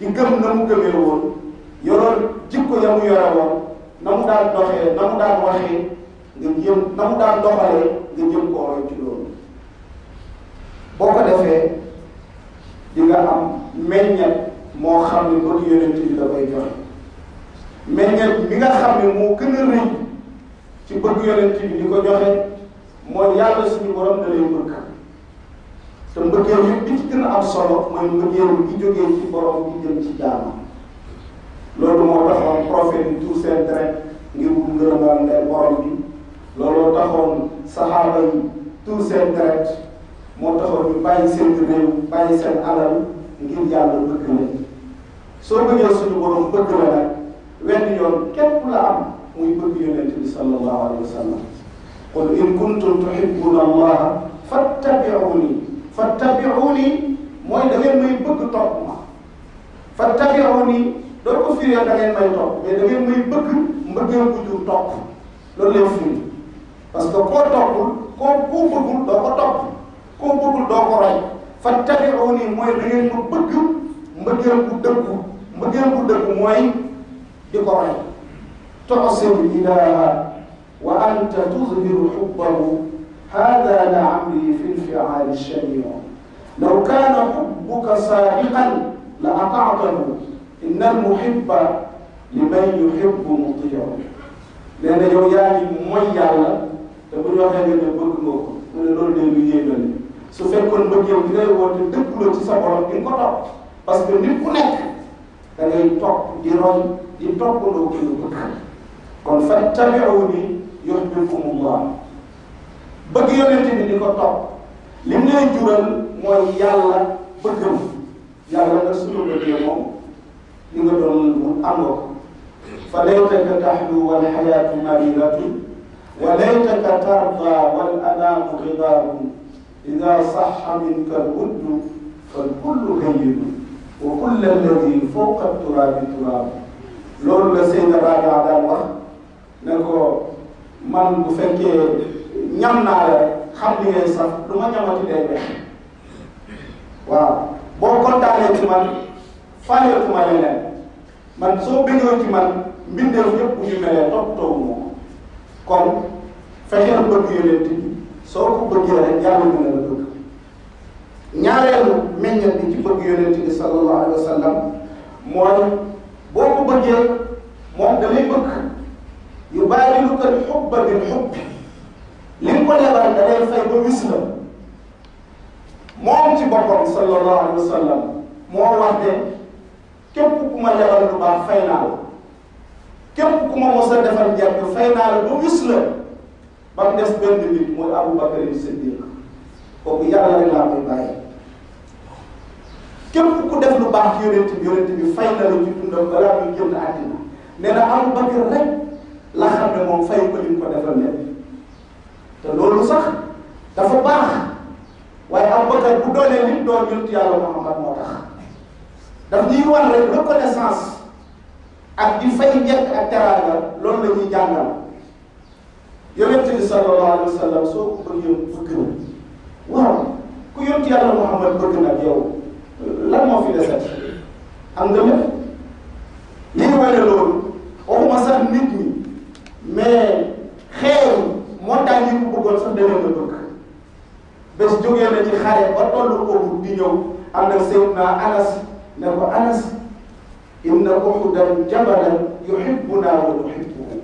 di gëm na mu gëmee woon yoroon jikko ya mu na mu daan doxee na mu daan waxee nga jëm na mu daan doxalee nga jëm koo roy ci loolu boo ko defee di nga am meññet moo xam ne bëgg yonent bi da koy joxe meññet bi nga xam ne moo gën a rëy ci bëgg bi di ko joxe mooy yàlla suñu borom da lay bëgg te mbëggeel yi bi ci gën a am solo mooy mbëggeel gi jógee ci borom bi jëm ci jaama loolu moo taxoon prophète yi tout seen traite ngir wut ngërëmal ndey borom bi looloo taxoon saxaaba yi tout seen traite moo taxoon ñu bàyyi seen réew bàyyi seen alal ngir yàlla bëgg leen soo bëggee suñu borom bëgg la nag wenn yoon képp la am muy bëgg yonent bi sallallahu alayhi sallam qul in kuntum tuhibbuna allaha fattabi'uni fattabi'uni mooy da ngeen may bëgg ma fattabi'uni doo ko firee da ngeen may topp mais da ngeen may bëgg mbëggeel bu jur topp loolu lay firi parce que koo toppul koo koo bëggul ko topp koo bëggul doo ko roy fattabi'uni mooy da ngeen ma bëgg mbëggeel bu dëggu mbëggeel bu dëggu mooy di ko roy toxasewu ilaa وأنت تظهر حبه هذا لعمري في الفعال الشنيع لو كان حبك صادقا لأطعته إن المحب لمن يحب مطيع nee na yow yaa ngi mooy yàlla te bu ñu waxee nga ne bëgg nga ko mu ne loolu de lu yéeme la su fekkoon bëgg yow li ngay woote dëkkuloo ci sa borom di nga ko topp parce que nit ku nekk da ngay topp di roy di toppandoo ko bëgg kon fattabi'uuni yuhibbukumullah bëgg yonent bi di ko topp li mu lay jural mooy yàlla bëggam yàlla nga suñu bëggee moom li nga doon mu am nga ko fa laytaka tahlu wal hayaatu mariratun wa laytaka tarda wal anaamu xidaarun ida saxa minka al wuddu fal kullu hayyinu wa kullu alladi fawqa turaabi turaabu loolu la Seyda Rabia daan wax ne ko man bu fekkee ñam naa la xam li ngay sax lu ma ñamati day def waaw boo kontaanee ci man fàlleekuma leneen man soo bëggee ci man mbindeef yëpp bu ñu melee topp toogu moom kon fexeel bëgg yonent bi soo ko bëggee rek yàlla mën na la bëgg ñaareelu meññal bi ci bëgg yonent bi sallallahu alayhi wa sallam mooy boo ko bëggee moom da lay bëgg yubaadiluka alxubba bil xubbi li nga ko lebal da lay fay ba wis la moom ci boppam sallallahu alayhi wa sallam moo wax ne képp ku ma lebal lu baax fay naa la képp ku ma mos a defal njëkk fay naa la ba wis la ba mu des benn nit mooy Abu Bakar Siddiq kooku yàlla rek laa koy bàyyi képp ku def lu baax yonent bi yonent bi fay na la ci dundam balaa muy jëm àddina nee na Abu Bakar rek. la xam ne moom fay ko li ko defal ne te loolu sax dafa baax waaye Abubakar bu doonee lim doon yonent yàlla Muhammad moo tax daf ñuy war rek reconnaissance ak di fay njëkk ak teraanga loolu la ñuy jàngal yonent bi sallallahu alayhi wa sallam soo ko bëggee bëgg na waaw ku yonent yàlla Muhammad bëgg na ak yow lan moo fi desati am nga lépp li ñu wane loolu waxuma sax nit ñi. mais xeeru montagne yi mu bëggoon sax danañ la bëgg bés jógee na ci xare ba tollu Uhud di ñëw am na Seydina Anas ne ko Anas inna Uhudan jabalan yuhibbuna wa nuhibbuhu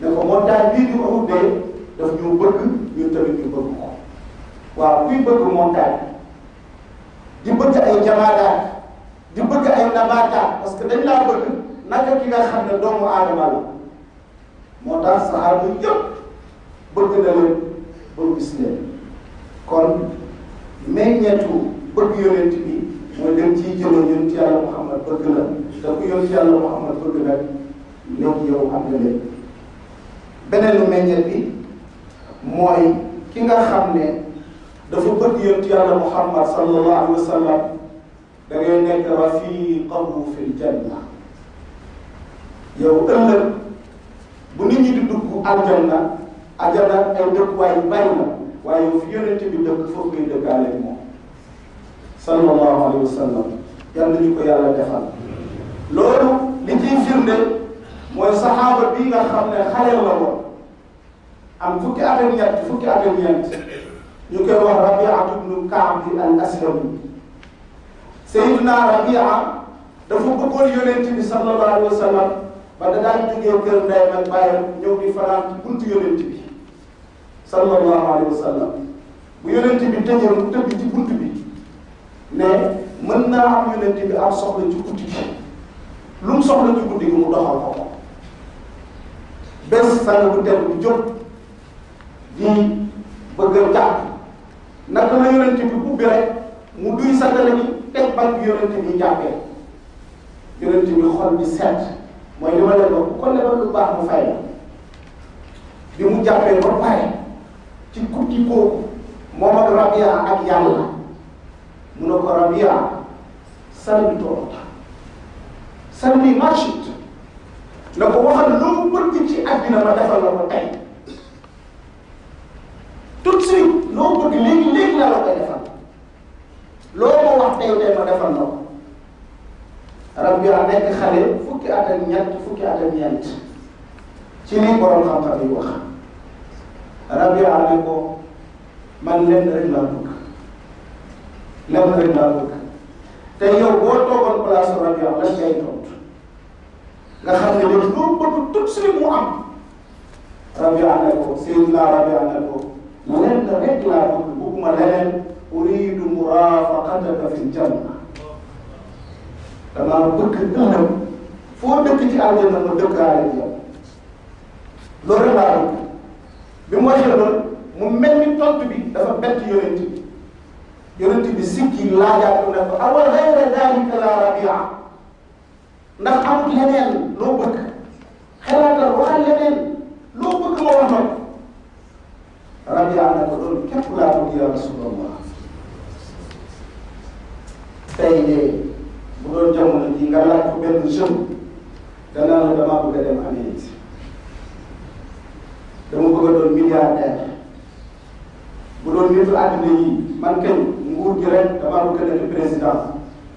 ne ko montagne bii di Uhud de daf ñu bëgg ñun tamit ñu bëgg ko waaw kuy bëgg montagne di bëgg ay jamaadaat di bëgg ay nabaataat parce que dañ laa bëgg naka ki nga xam ne doomu aadama la moo tax saxaaba yëpp bëgg na leen ba gis leen kon meññeetu bëgg yonent bi mooy dem ciy jëloon yonent yàlla Muhammad bëgg la te ku yonent yàlla Muhammad bëgg nag léegi yow am nga leen beneenu meññeet bi mooy ki nga xam ne dafa bëgg yonent yàlla Muhammad sallallahu alayhi wa sallam da ngay nekk rafiqahu fil janna yow ëllëg bu nit ñi di dugg aljanna aljanna ay dëkkuwaay yu bari la waaye fi yonent bi dëkk foofu ngay dëkkaale moom sallallahu alayhi wa sallam yal nañu ko yàlla defal loolu li ciy firnde mooy saxaaba bii nga xam ne xaleel la am fukki at ak ñett fukki at ak ñeent ñu koy wax Rabiatu bnu Kaab bi al Aslami Seydina Rabia dafa bëggoon yonent bi sallallahu alayhi wa sallam ba da daan jógee kër ndeyam ak bàyyam ñëw di fanaan ci buntu yonent bi sallallahu alayhi wa sallam bu yonent bi tëjee mu tëdd ci buntu bi ne mën na am yonent bi am soxla ci guddi gi lu mu soxla ci guddi gi mu doxal ko ko bés sang bu tedd bu jóg di bëgg a jàpp naka la bi ubbi rek mu duy satale bi teg banque yonent bi jàppee yonent bi xol bi set mooy li ma leen wax ko lebal lu mu fay la bi mu jàppee ba pare ci guddi kooku moom ak Rabia ak yàlla mu ne ko Rabia sànni tool sànni marchit na ko waxal loo bëgg ci àddina ma defal ko tey tout de suite loo bëgg léegi léegi laa la koy defal loo ko ko. Rabia nekk xale fukki at fukki at ak ñeent ci li borom xam-xam yi wax Rabia ne ko man lenn rek laa bëgg lenn rek laa bëgg te yow boo toogoon place Rabia lan ngay tontu nga xam ne yow loo bëgg tout suite mu am Rabia ne ko Seydina Rabia ne ko lenn rek laa bëgg bëgguma leneen uriidu muraafaqataka fil janna damaa bëgg ëllëg foo dëkk ci àjjana ma dëkkaale ak yow loolu laa bi mu waxee loolu mu mel ni tontu bi dafa bett yonent bi yonent bi sikki laajaat ko ne ko awa xayra dalika laa rabia ndax amul leneen loo bëgg xalaatal waxal leneen loo bëgg ma wax noonu rabia ne ko loolu képp laa bëgg yaa rasulallah tey de bu doon jamono ji nga laaj ko benn jeune danaa la damaa bëgg a dem Amérique dama bëgg a doon milliardaire bu doon nitu àddina yi man kañ nguur gi rek damaa bëgg a nekk président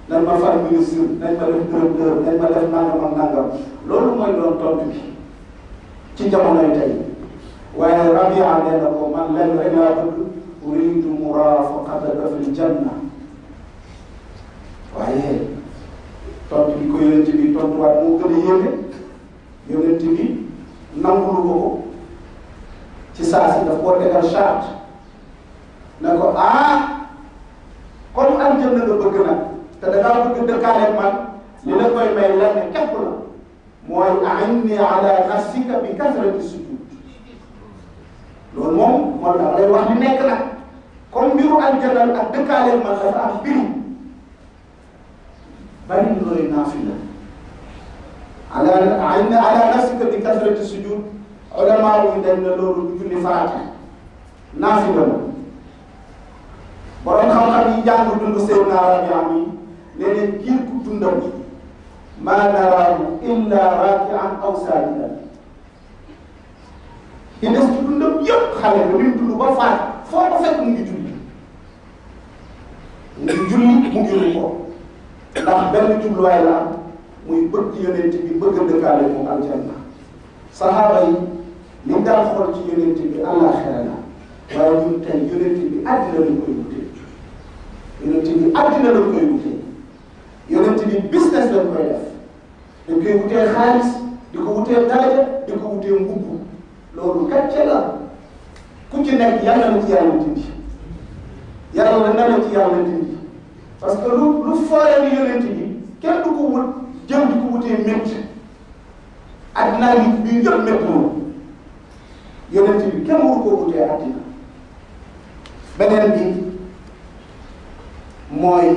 nañ ma fal ministre nañ ma def directeur nañ ma def nangam ak nangam loolu mooy doon tontu bi ci jamonoy tey waaye Rabia nee na ko man lenn rek laa bëgg uriidu murafaqataka fil janna waaye tontu bi ko yonent bi tontuwaat moo gën a yéeme yonent bi nangulu ko ci saa si daf koo tegal charte ne ko ah kon aljanna nga bëgg nag te da ngaa bëgg dëkkaale man li la koy may lenn képp la mooy a'inni ala nafsika bi kasrati sujud loolu moom moo tax lay wax ni nekk nag comme mbiru aljanna ak dëkkaale man dafa am biru bari looy naafila ala ala nafsika bi kasrati sujud ulama yi dañ ne loolu du julli farata naafila la borom xam-xam yi jàng dund Seydina Rabi'a yi nee nañ jiir ku dundam maa naraahu illa raaki'an aw saajidan li des ci dundam yëpp xale bi ñu dund ba faat foo ko fekk mu ngi julli mu ngi julli mu ngi julli ko. ndax benn jubluwaay la am muy bëgg yonent bi bëgg a dëkkaale moom aljanna saxaaba yi liñ daan xool ci yonent bi àllaaxira la waaye ñun tey yonent bi àddina lañ koy wutee yonent bi àddina lañ koy wutee yonent bi business lañ koy def dañ koy wutee xaalis di ko wutee daraja di ko wutee loolu gàcce la ku ci nekk yàlla na ci yàlla dindi yàlla na la ci yàlla dindi parce que lu lu fooree ni yonent yi kenn du ko wut jëm di ko wutee métti addinaa yi bii yëpp méttiwul yonent bi kenn wut koo wutee addina beneen bi mooy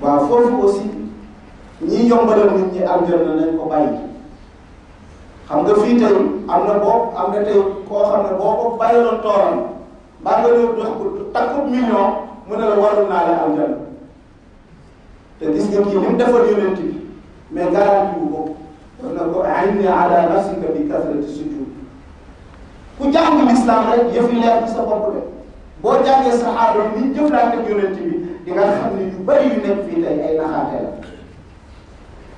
waaw foofu aussi ñi yombalal nit ñi aljanna nañ ko bàyyi xam nga fii tey am na boo am na tey koo xam ne boo ko bàyyiloon tooram mbaa nga doon dox ko takku million mu ne la waroon naa la aljanna te gis nga kii li mu defal yonent bi mais garanti wu ko kon nag ko ayni ala nafsika bi kasrati sujud ku jàng lislaam rek yëf yi leer ci sa bopp de boo jàngee saxaaba yi ni jëflante ak yonent bi di nga xam ne yu bëri yu nekk fii tey ay naxaate la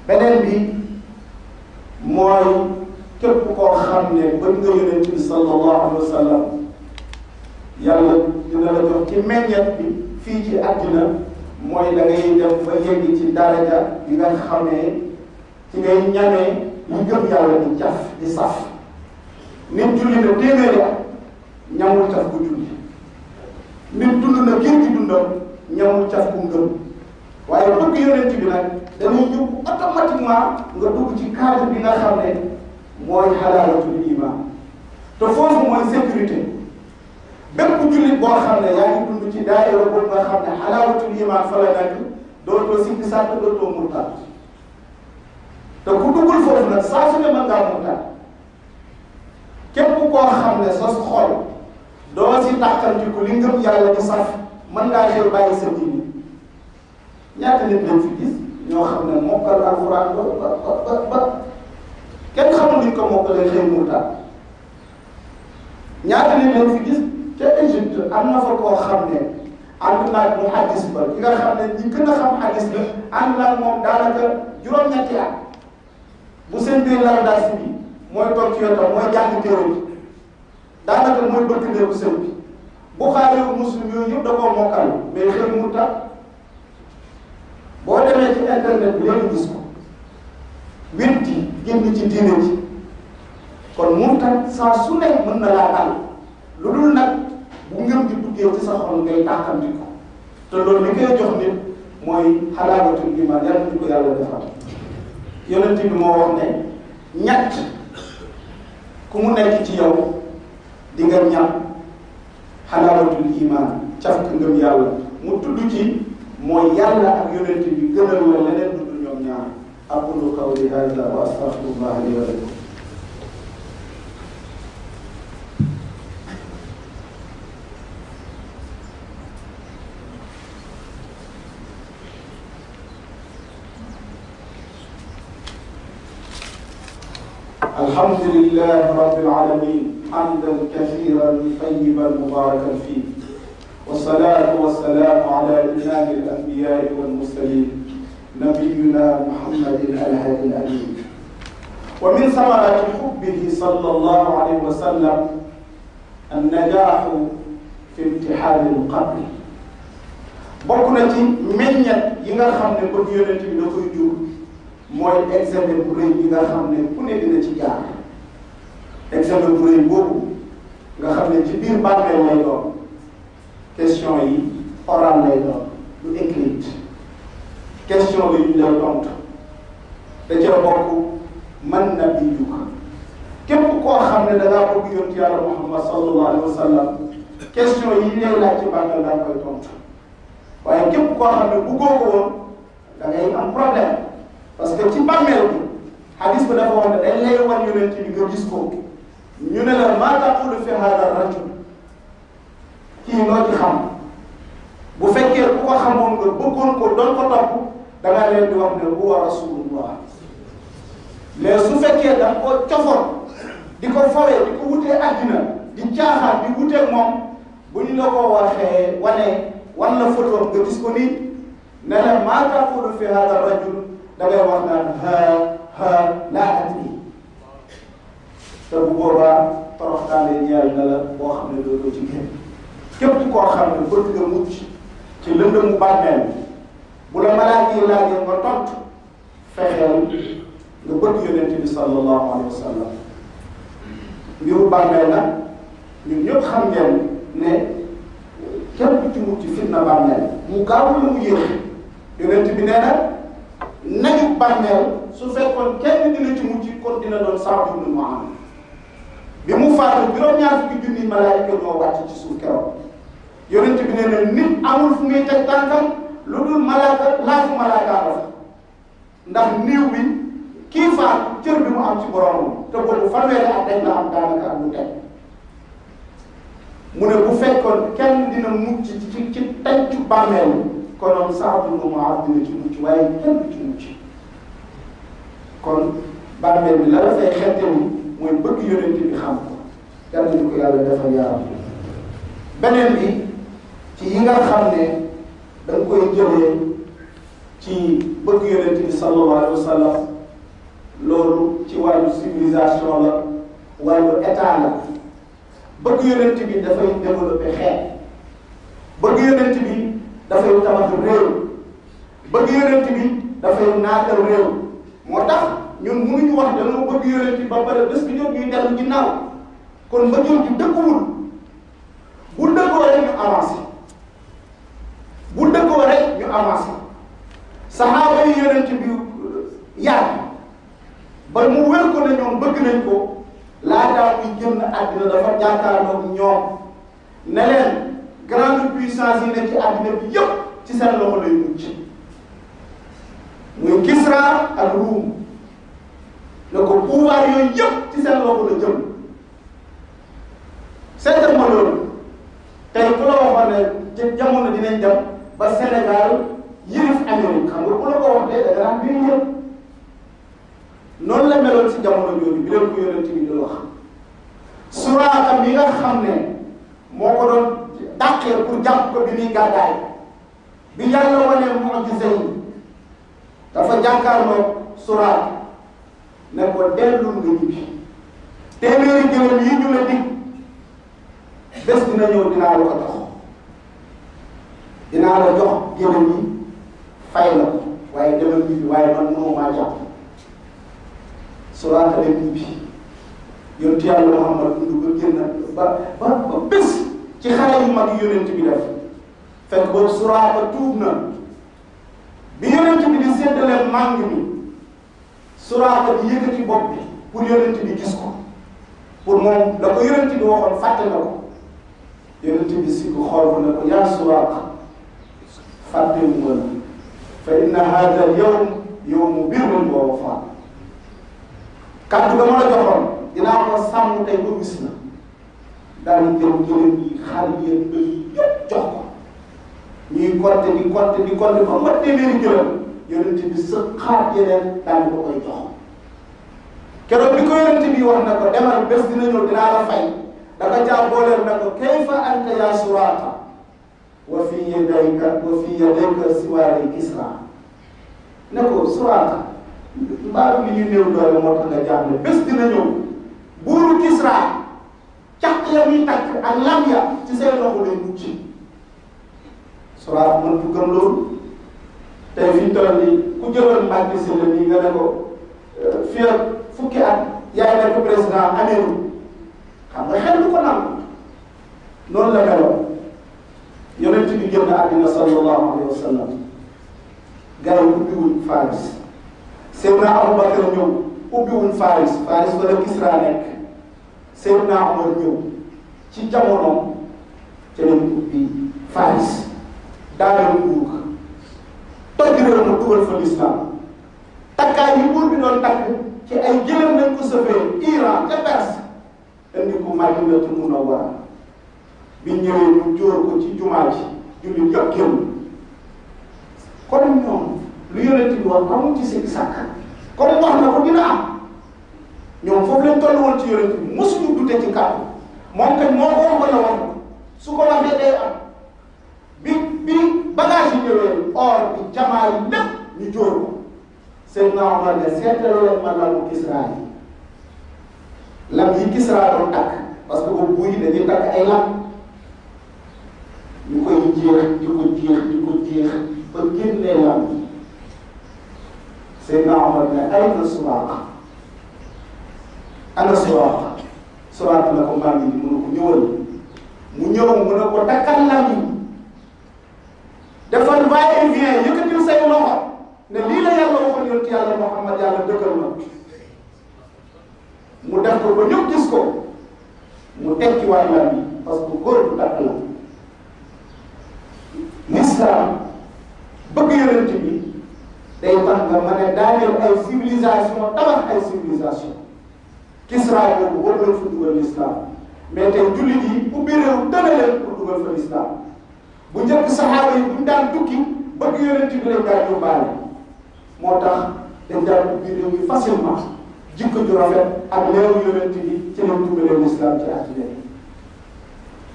beneen bi mooy képp koo xam ne bëgg nga yonent bi sallallahu alayhi wa sallam yàlla dina la jox ci meññeet bi fii ci àddina mooy da ngay dem ba yegg ci daraja bi nga xamee ci ngay ñamee li gëm yàlla di jaf di saf nit julli na téeméeri at ñamul caf ku julli nit dund na géej gi dundam ñamul caf ku ngëm waaye bëgg yonent bi nag dañuy yóbbu automatiquement nga dugg ci cadre bi nga xam ne mooy xalaalatul iman te foofu mooy sécurité bépp jullit boo xam ne yaa ngi dund ci daayira boobu nga xam ne xalaawatul iman fa la nekk dootoo sikki sàkk dootoo murtaat te ku duggul foofu nag saa su ne mën ngaa murtaat képp koo xam ne sa xol doo si tàqantiku li ngëm yàlla di saf mën ngaa jël bàyyi sa diini ñaata nit lañ fi gis ñoo xam ne mokkal alxuraan ba ba ba ba kenn xamul ni ko mokkale leen murtaat ñaata nit lañ fi te Égypte am na fa koo xam ne ànd naag mu xadis ba ki nga xam ne ñi gën a xam xadis ba ànd naag moom daanaka juróom-ñetti at bu seen biir laradaasi bi mooy toog mooy jàng téere bi daanaka mooy bëgg néegu sëñ bi Buxaari wu Muslim yooyu yëpp da koo mokkal mais mu tax boo demee ci internet bi léegi gis ko witti génn ci diine ji kon mu tax saa su ne mën na laa àll lu dul nag bu ngëm di duggee ci sa xol ngay tàqandiku te loolu li koy jox nit mooy xalaabatul iman yàlla ñu ko yàlla defal yonent bi moo wax ne ñett ku mu nekk ci yow di nga ñam xalaabatul iman cafka ngëm yàlla mu tudd ci mooy yàlla ak yonent bi gënal la leneen du dul ñoom ñaar aqulu qawli hada wa astaghfirullah li wa الحمد لله رب العالمين حمدا كثيرا طيبا مباركا فيه والصلاة والسلام على إمام الأنبياء والمرسلين نبينا محمد الهادي الأمين ومن ثمرة حبه صلى الله عليه وسلم النجاح في امتحان القبر bokk na ci meññat yi nga xam ne bëgg yonent bi da koy jur mooy examen bu rëy yi nga xam ne ku ne dina ci jaar exemple bu rëy nga xam ne ci biir bàmmeel lay doon question yi oral lay doon lu question bi ñu lay tontu da ca bokk man na bi juk képp koo xam ne da ngaa bëgg yonent yàlla Muhammad sallallahu alayhi sallam question yi lay laaj ci bàmmeel daa koy tontu waaye képp koo xam ne bëggoo ko woon da ngay am problème parce que ci bàmmeel bi hadis bi dafa wax ne dañ lay wan yonent bi nga gis ko ñu ne la maa taqulu fi hada rajul kii noo ci xam bu fekkee ku ko xamoon nga bëggoon ko doon ko topp da nga leen di wax ne huwa rasulullah mais su fekkee da nga ko cofoon di ko fawee di ko wutee àddina di caaxaan di wutee moom bu ñu la ko wane wan la photo nga gis ko ne la maa taqulu fi rajul da ngay wax naan ha ha laa adri te bu a torox daane ñeel na la boo xam ne loolu ci génn képp koo xam ne bëgg nga mucc ci lëndëmu bàmmeel bu la malaaka yi laajee nga tontu fexeel nga bëgg yonente bi sallallahu alayhi wa sallam mbiru bàmmeel nag ñun xam ngeen ne képp mu gaaw la mu yéex yonente bi nee na nañu bàmmeel su fekkoon kenn dina ci mucc kon dina doon saabu nu mu bi mu faatu juróom-ñaar fukki junni malaayika moo wàcc ci suuf keroog yonent bi nee na nit amul fu muy teg tànkam lu dul malaaka laafu malaaka la ndax néew bi kii faatu mu am ci boromam te boobu fanweeri at dañ la am daanaka ak lu teg mu ne bu fekkoon kenn dina mucc ci ci tàncu bàmmeel konoon saabu lu mu am dina ci mucc waaye kenn du kon bàmmeel bi la la mooy bëgg yonent xam ko yal nañu ko yàlla defal yaram beneen bi ci yi nga xam ne da nga koy jëlee ci bëgg yonent bi sallallahu alayhi wa sallam loolu ci wàllu civilisation la wàllu état la bëgg yonent dafay développer xeet bëgg yonent dafay tabax réew bëgg yonent bi dafay naatal réew moo tax ñun ñu wax dañoo bëgg yonent bi ba pare bés ñu ñoom ñuy dellu ginnaaw kon mbëggeel gi dëkkuwul bu dëkkoo rek ñu avancé bu dëkkoo rek ñu avancé saxaaba yi yonent bi yar ba mu wér ko ne ñoom bëgg nañ ko laataa muy génn àddina dafa jàkkaarloog ñoom ne leen grande puissance yi ne ci àddina bi yëpp ci seen loxo lay mucc muy Kisra ak Ruum. ne ko pouvoir yooyu yëpp ci seen loxo la jëm seetal ma loolu tey ku la waxoon ne jamono dinañ dem ba Sénégal yërif Amérique xam nga ku la ko wax dee da nga naan biir yëpp noonu la meloon si jamono jooju bi leen ko yonent bi di wax Suraaqa mi nga xam ne moo ko doon dàqee pour jàpp ko bi muy gàddaay bi yàlla wanee mu'jiza yi dafa jàkkaarloo Suraaqa ne ko dellul nga ñibbi téeméeri gëlëm yi ñu la dig bés dina ñëw dinaa la ko jox dinaa la jox gëlëm yi fay la ko waaye demal ñibbi waaye man mënu maa jàpp suraata dem ñibbi yontu yàlla Muhammad dund ba génn ba ba ba bés ci xare yu mag yonent bi def fekk boobu suraata tuub bi yonent bi di séddale màng mi Suraaqa bi yëkkati bopp bi pour yonent bi gis ko pour moom da ko yonent bi waxoon fàtte na ko yonent bi si ko xool yaa Suraaqa fàtte mu fa inna haada yawm yawmu birrin wa wafaa kàddu ga ma la joxoon dinaa ko sàmm tey ba gis na daal di jël jëleen yi xar yéen bëri yëpp jox ko ñuy compter di compter di compter ba mat téeméeri jëlam yonent bi sa xaat yeneen daal ko koy jox keroog bi ko yonent bi wax na ko demal bés dina ñëw dinaa la fay dafa jaar booleel na ko kayfa anta yaa suraata wa fi yadayka wa fi yadayka siwaari kisra ne ko suraata mbaaru li ñu néew doole moo tax ya muy takk ak lam ya ci seen loxo lay mucc suraata mën bu gëm loolu tey fi ñu toll nii ku jëloon Macky Sall nii nga ne ko euh, fii ak fukki at yaay nekk président anéeru xam nga xel du ko nam noonu la meloon yonent bi génn àddina sallallahu alayhi wa sallam gars yi ubbiwuñ Faris Seydina Aboubacar ñëw ubbiwuñ Faris Faris fa la Kisra nekk Seydina Omar ñëw ci jamonoom ca lañ ubbi Faris daal di toj réew mu dugal fa lislaam takkaay yi bi doon takk ci ay jëlam nañ ko sëfee Iran te Perse indi ko Madinatul Munawwara bi ñëwee ñu jóor ko ci jumaa ji jullit yëpp génn kon ñoom lu yonent bi wax amul ci seen sàkk kon wax na ko dina am ñoom foofu lañ toll woon ci yonent bi mosuñu dute ci kàddu moom kat moo ko wax ba la wax su ko waxee day am bi bi bagage yi ñëwee or bi jamaay lépp ñu jóor ko Seydina Omar ne seetaloo ma lalu Kisra yi lam yi Kisra doon takk parce que bu buy dañuy takk ay lam ñu koy jéex di ko jéex di ko jéex ba génnee lam yi Seydina Omar ne ay na suwaaq ana suwaaq suwaaq na ko maa ngi di mënu ko ñëwal mu ñëw mu ne defal va et vient yëkkatil say loxo ne lii la yàlla waxoon yonent yàlla Muhammad yàlla dëkkal na mu def ko ba ñëpp gis ko mu tekki waay lan bi parce que góor bu dàq la l'islam bëgg yonent bi day tax nga mën a daaneel ay civilisation tabax ay civilisation Kisra boobu war na fa dugal l'islam mais tey jullit yi ubbi réew tënaleen pour dugal fa l'islam bu njëkk saxaaba yi buñ daan tukki bëgg yonent bi lañ daan yóbbaale moo tax dañ daan ubbi réew yi facilement jikko ju rafet ak leeru yonent bi ci lañ dugalee lislaam ci àddina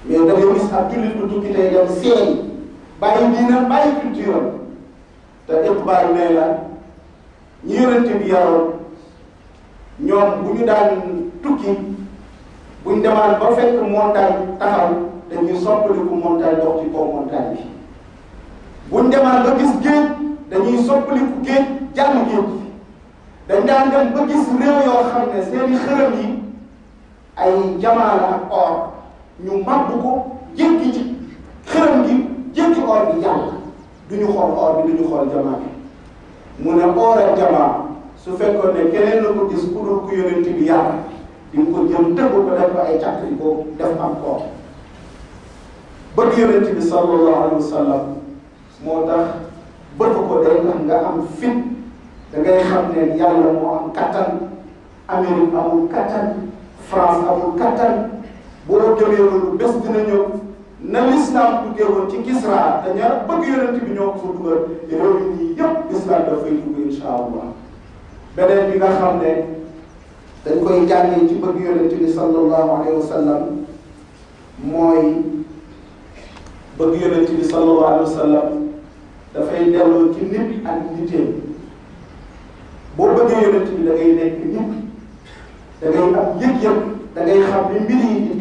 bi mais da ngay gis ak jullit bu tukki tey dem seey bàyyi diina bàyyi culture am te iqbaal nee la ñi yonent bi yaroon ñoom bu ñu daan tukki buñ demaan ba fekk montagne taxaw dañuy soppaliku montagne dox ci kaw montagne bi buñ demaan ba gis géej dañuy soppaliku géej jàmm géej dañ daan dem ba gis réew yoo xam ne seeni xërëm yi ay jamaa la ak or ñu màbb ko jéggi ci xërëm gi jéggi or bi jàll duñu xool or bi duñu xool jamaa bi ne or ak jamaa su fekkoon ne keneen la ko gis ku dul ku yonent bi yàlla di nga ko jëm tëgg ko def ko ay càq di ko def am koor bët yonent bi sallallahu alayhi wa sallam moo tax bëtu ko day am nga am fit da ngay xam ne yàlla moo am kattan Amérique amul kattan France amul kattan boo jëlee loolu bés dina ñëw na lislaam duggee woon ci Kisra te ñaar bëgg yonent bi ñoo ko dugal réew yi yëpp lislaam dafay dugg insha allah beneen bi nga xam ne dañ koy jàngee ci bëgg yonent bi sallallahu alayhi wa sallam mooy. bëgg yonent bi sallallahu alayhi wa sallam dafay delloo ci nit ak niteem boo bëggee yonent bi da ngay nekk nit da ngay am yëg-yëg da ngay xam ni mbir yi di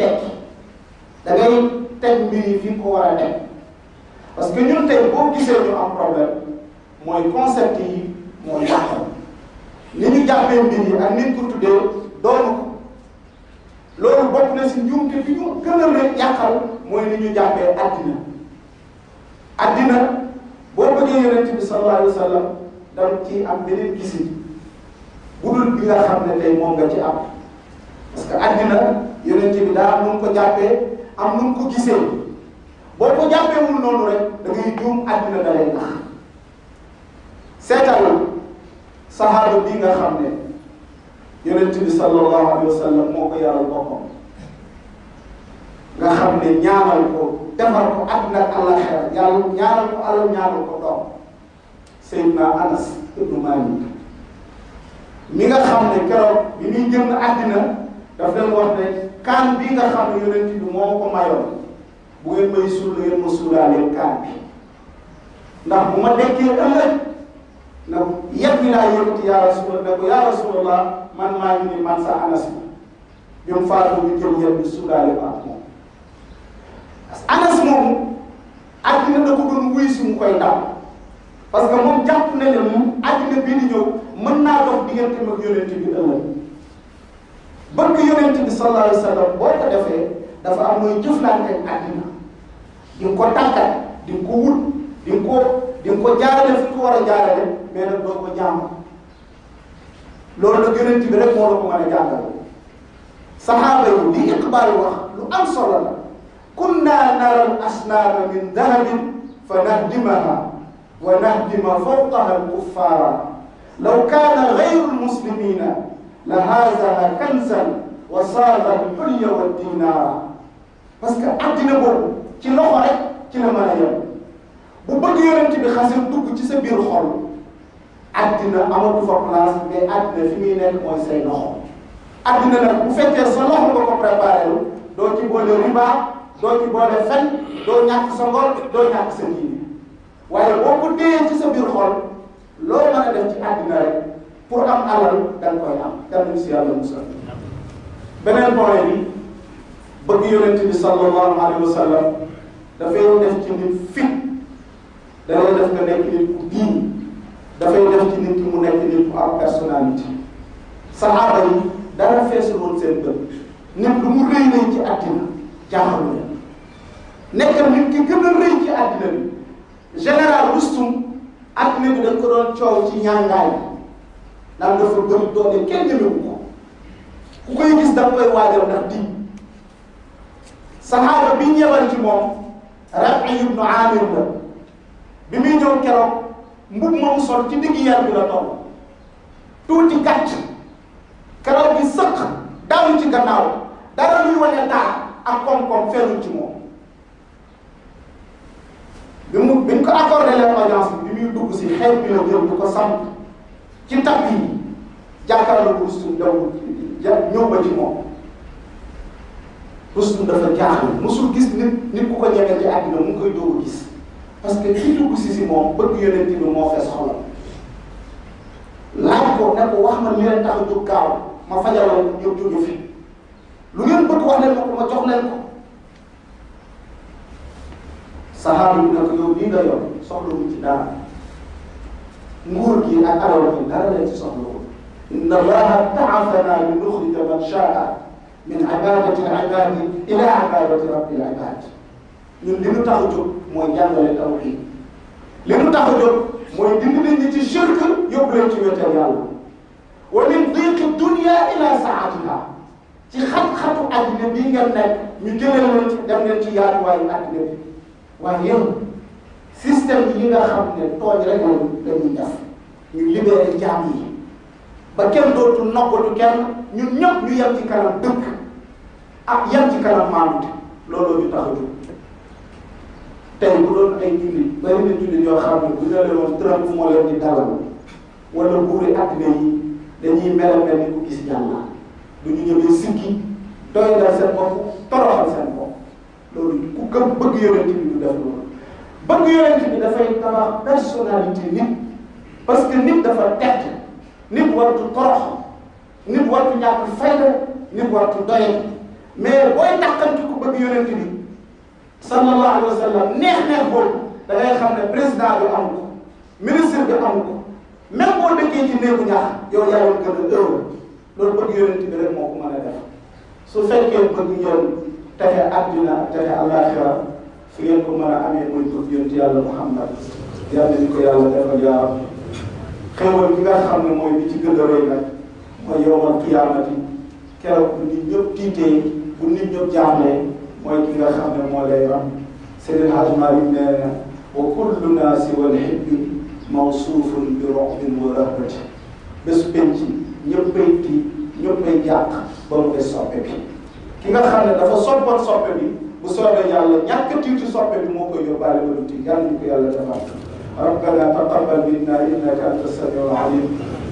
tekki fi ko war a teg parce que ñun tey boo gisee ñu am problème mooy concept yi mooy yàqal li ñu jàppee mbir yi ak nit ku tuddee doonu loolu bokk na si njuumte bi ñu gën a leen mooy li ñu jàppee addina addina boo bëggee yonent bi sallallahu alayhi wa danga ci am beneen gisin bu dul bi nga xam ne tey moom nga ci am parce que addina yonent bi daa am ko jàppee am nu ko gisee boo ko jàppeewul noonu rek da ngay addina da nax seetal saxaaba bi nga xam ne yonent bi sallallahu alayhi wa sallam moo ko yaral boppam nga xam ne ñaanal ko defar ko àdduna ak àllaxira yàlla ñaanal ko alal ñaanal ko Anas ibnu Maalik mi nga xam ne keroog bi muy jëm àddina daf leen wax ne bi nga xam ne yonent bi moo ko mayoon bu ngeen may suul ngeen ma suulaaleen kaan bi bu ma dekkee ëllëg nag yet bi laa yëkkati yaa rasulallah ne ko yaa rasulallah man maa ngi ni man sa anas bi bi mu faatu yel bi suudaale ko ak moom anas moomu àddina da ko doon mu koy ndaw parce que moom jàpp na ne moom àddina bii di ñëw mën naa dox diggante mag yonent bi ëllëg bëgg yonent bi sallallahu alayhi wa sallam boo ko defee dafa am mooy jëflante ak àddina di nga ko tàggat di nga ko wut di ko di nga ko jaarale fi ko war a jaarale mais nag doo ko jaamu loolu la yonent bi rek moo la ko mën a jàngal saxaaba yi li Iqbal wax lu am solo la kunna nara al asnaama min dahabin fa nahdimaha wa nahdima fawqaha al kuffaara law kaana gayru lmuslimina la haadaha kanzan wa saada al xulya wa dinaara parce que addina boobu ci loxo rek ci la mën a yem bu bëgg yonent bi xasee dugg ci sa biir xol àddina amatu fa place mais àddina fi muy nekk mooy say loxo àddina nag bu fekkee sa loxo nga ko préparé doo ci boole riba doo ci boole fen doo ñàkk sa ngor doo ñàkk sa diine waaye boo ko téyee sa biir xol loo mën a def ci àddina rek pour am alal da nga koy am yal nañu si yàlla musal beneen point bi bëgg yonent bi sallallahu alayhi wa sallam dafay def ci fit da lay def nekk nit ku diin dafay def ci nit ki mu nekk nit ku am personnalité saxaaba yi dara feesul woon seen bët nit lu mu rëy rëy ci àddina jaaxalu leen nekkal nit ki gën a rëy ci àddina bi général Rustum àddina bi dañ ko doon coow ci ñaangaay naan dafa gëm doole kenn jëmewu ko ku koy gis daf koy waajal ndax di saxaaba bi ñëwal ci moom Rabi ibnu Amir la bi muy ñëw mbub moom sol ci digg yar bi la toll tuuti gàtt karaw bi sëq daanu ci gannaaw dara luy wane taar ak koom-koom feeñul ci moom bi mu bi ñu ko accordé bi bi muy dugg bi la jël du ko samp ci tab yi jàkkaarloo ko suñ daw ñëw ba ci moom rustum dafa jaaxle musul gis nit nit ku ko ñeme ci àddina mu ngi koy doogu gis parce que ci dugg si si moom bëgg yonent bi moo fees xolam laaj ko ne ko ma ñu leen tax a jóg gaaw ma fajalal jóg jóge fi lu ngeen bëgg wax leen ma ko ma jox leen ko saxaaba yi nag yow lii nga yor soxlawul ci dara nguur gi ak alal gi dara leen ci soxlawul inna allaha ba'athana li nuxrija man shaa min ibadati al ibadi ila ibadati rabbil ibad ñun li ñu tax a jóg mooy jàngale tawhid li ñu tax a jóg mooy dindi ñi ci shirk yóbbu leen ci wéetal yàlla wa min diqi dunya ila saatiha ci xat-xatu àddina bii ngeen nekk ñu jëlee leen ci dem leen ci yaatuwaayu àddina bi waaye yow système yi nga xam ne tooñ rek la ñuy def ñu libéré jaam yi ba kenn dootu nokkatu kenn ñun ñëpp ñu yem ci kanam dëkk ak yem ci kanam maanute looloo ñu tax a jóg tey bu doon ay jullit bari na jullit yoo xam ne bu ñu la doon Trump moo leen di yi dañuy mel mel ni ku gis yàlla du ñu ñëwee sikki doy na seen bopp toroxal seen bopp loolu ku gëm bëgg yonent bi du def loolu bëgg yonent bi dafay tabax personnalité nit parce que nit dafa tedd nit wartu torox nit wartu ñàkk fayda nit wartu doy mais booy taxante ku bëgg yonent bi sallallahu alayhi wa sallam neex-neex boobu da ngay xam ne président bi am ko ministre bi am ko même boo dëkkee ci néegu ñax yow yaa woon gën a heureux loolu bëgg yonent bi rek moo ko mën a def su fekkee bëgg yoon texe àddina texe àllaaxira fi ngeen ko mën a amee mooy bëgg yonent yàlla Muhammad yàlla ñu ko yàlla defal yaa xéwal bi nga xam ne mooy bi ci gën a rëy nag mooy yowmal qiyaamati keroog bu nit ñëpp tiitee bu nit ñëpp jaaxlee. mooy ki nga xam ne moo lay am Seydi Hadj Malick nee na wa kullu naasi wal xibbi mawsuufun bi roxbin wa rahbati bés penc ñëppay ti ñëppay jàq ba mu des bi ki xam ne dafa soppoon bi bu soobee yàlla ñàkk tiitu soppe bi moo koy yóbbaale ba du tiit yàlla ñu ko yàlla defal ربنا تقبل منا انك انت السميع العليم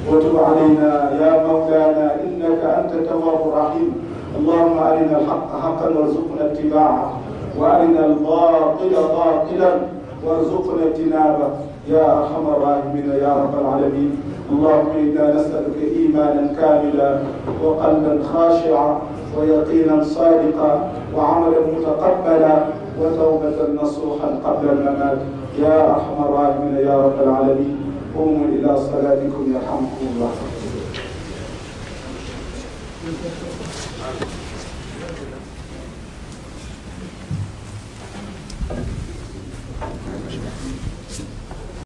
وتب علينا يا مولانا انك انت التواب الرحيم اللهم أرنا الحق حقا وارزقنا اتباعه وأرنا الباطل باطلا وارزقنا اجتنابه يا أرحم الراحمين يا رب العالمين اللهم إنا نسألك إيمانا كاملا وقلبا خاشعا ويقينا صادقا وعملا متقبلا وتوبة نصوحا قبل الممات يا أرحم الراحمين يا رب العالمين قوموا إلى صلاتكم يرحمكم الله waaw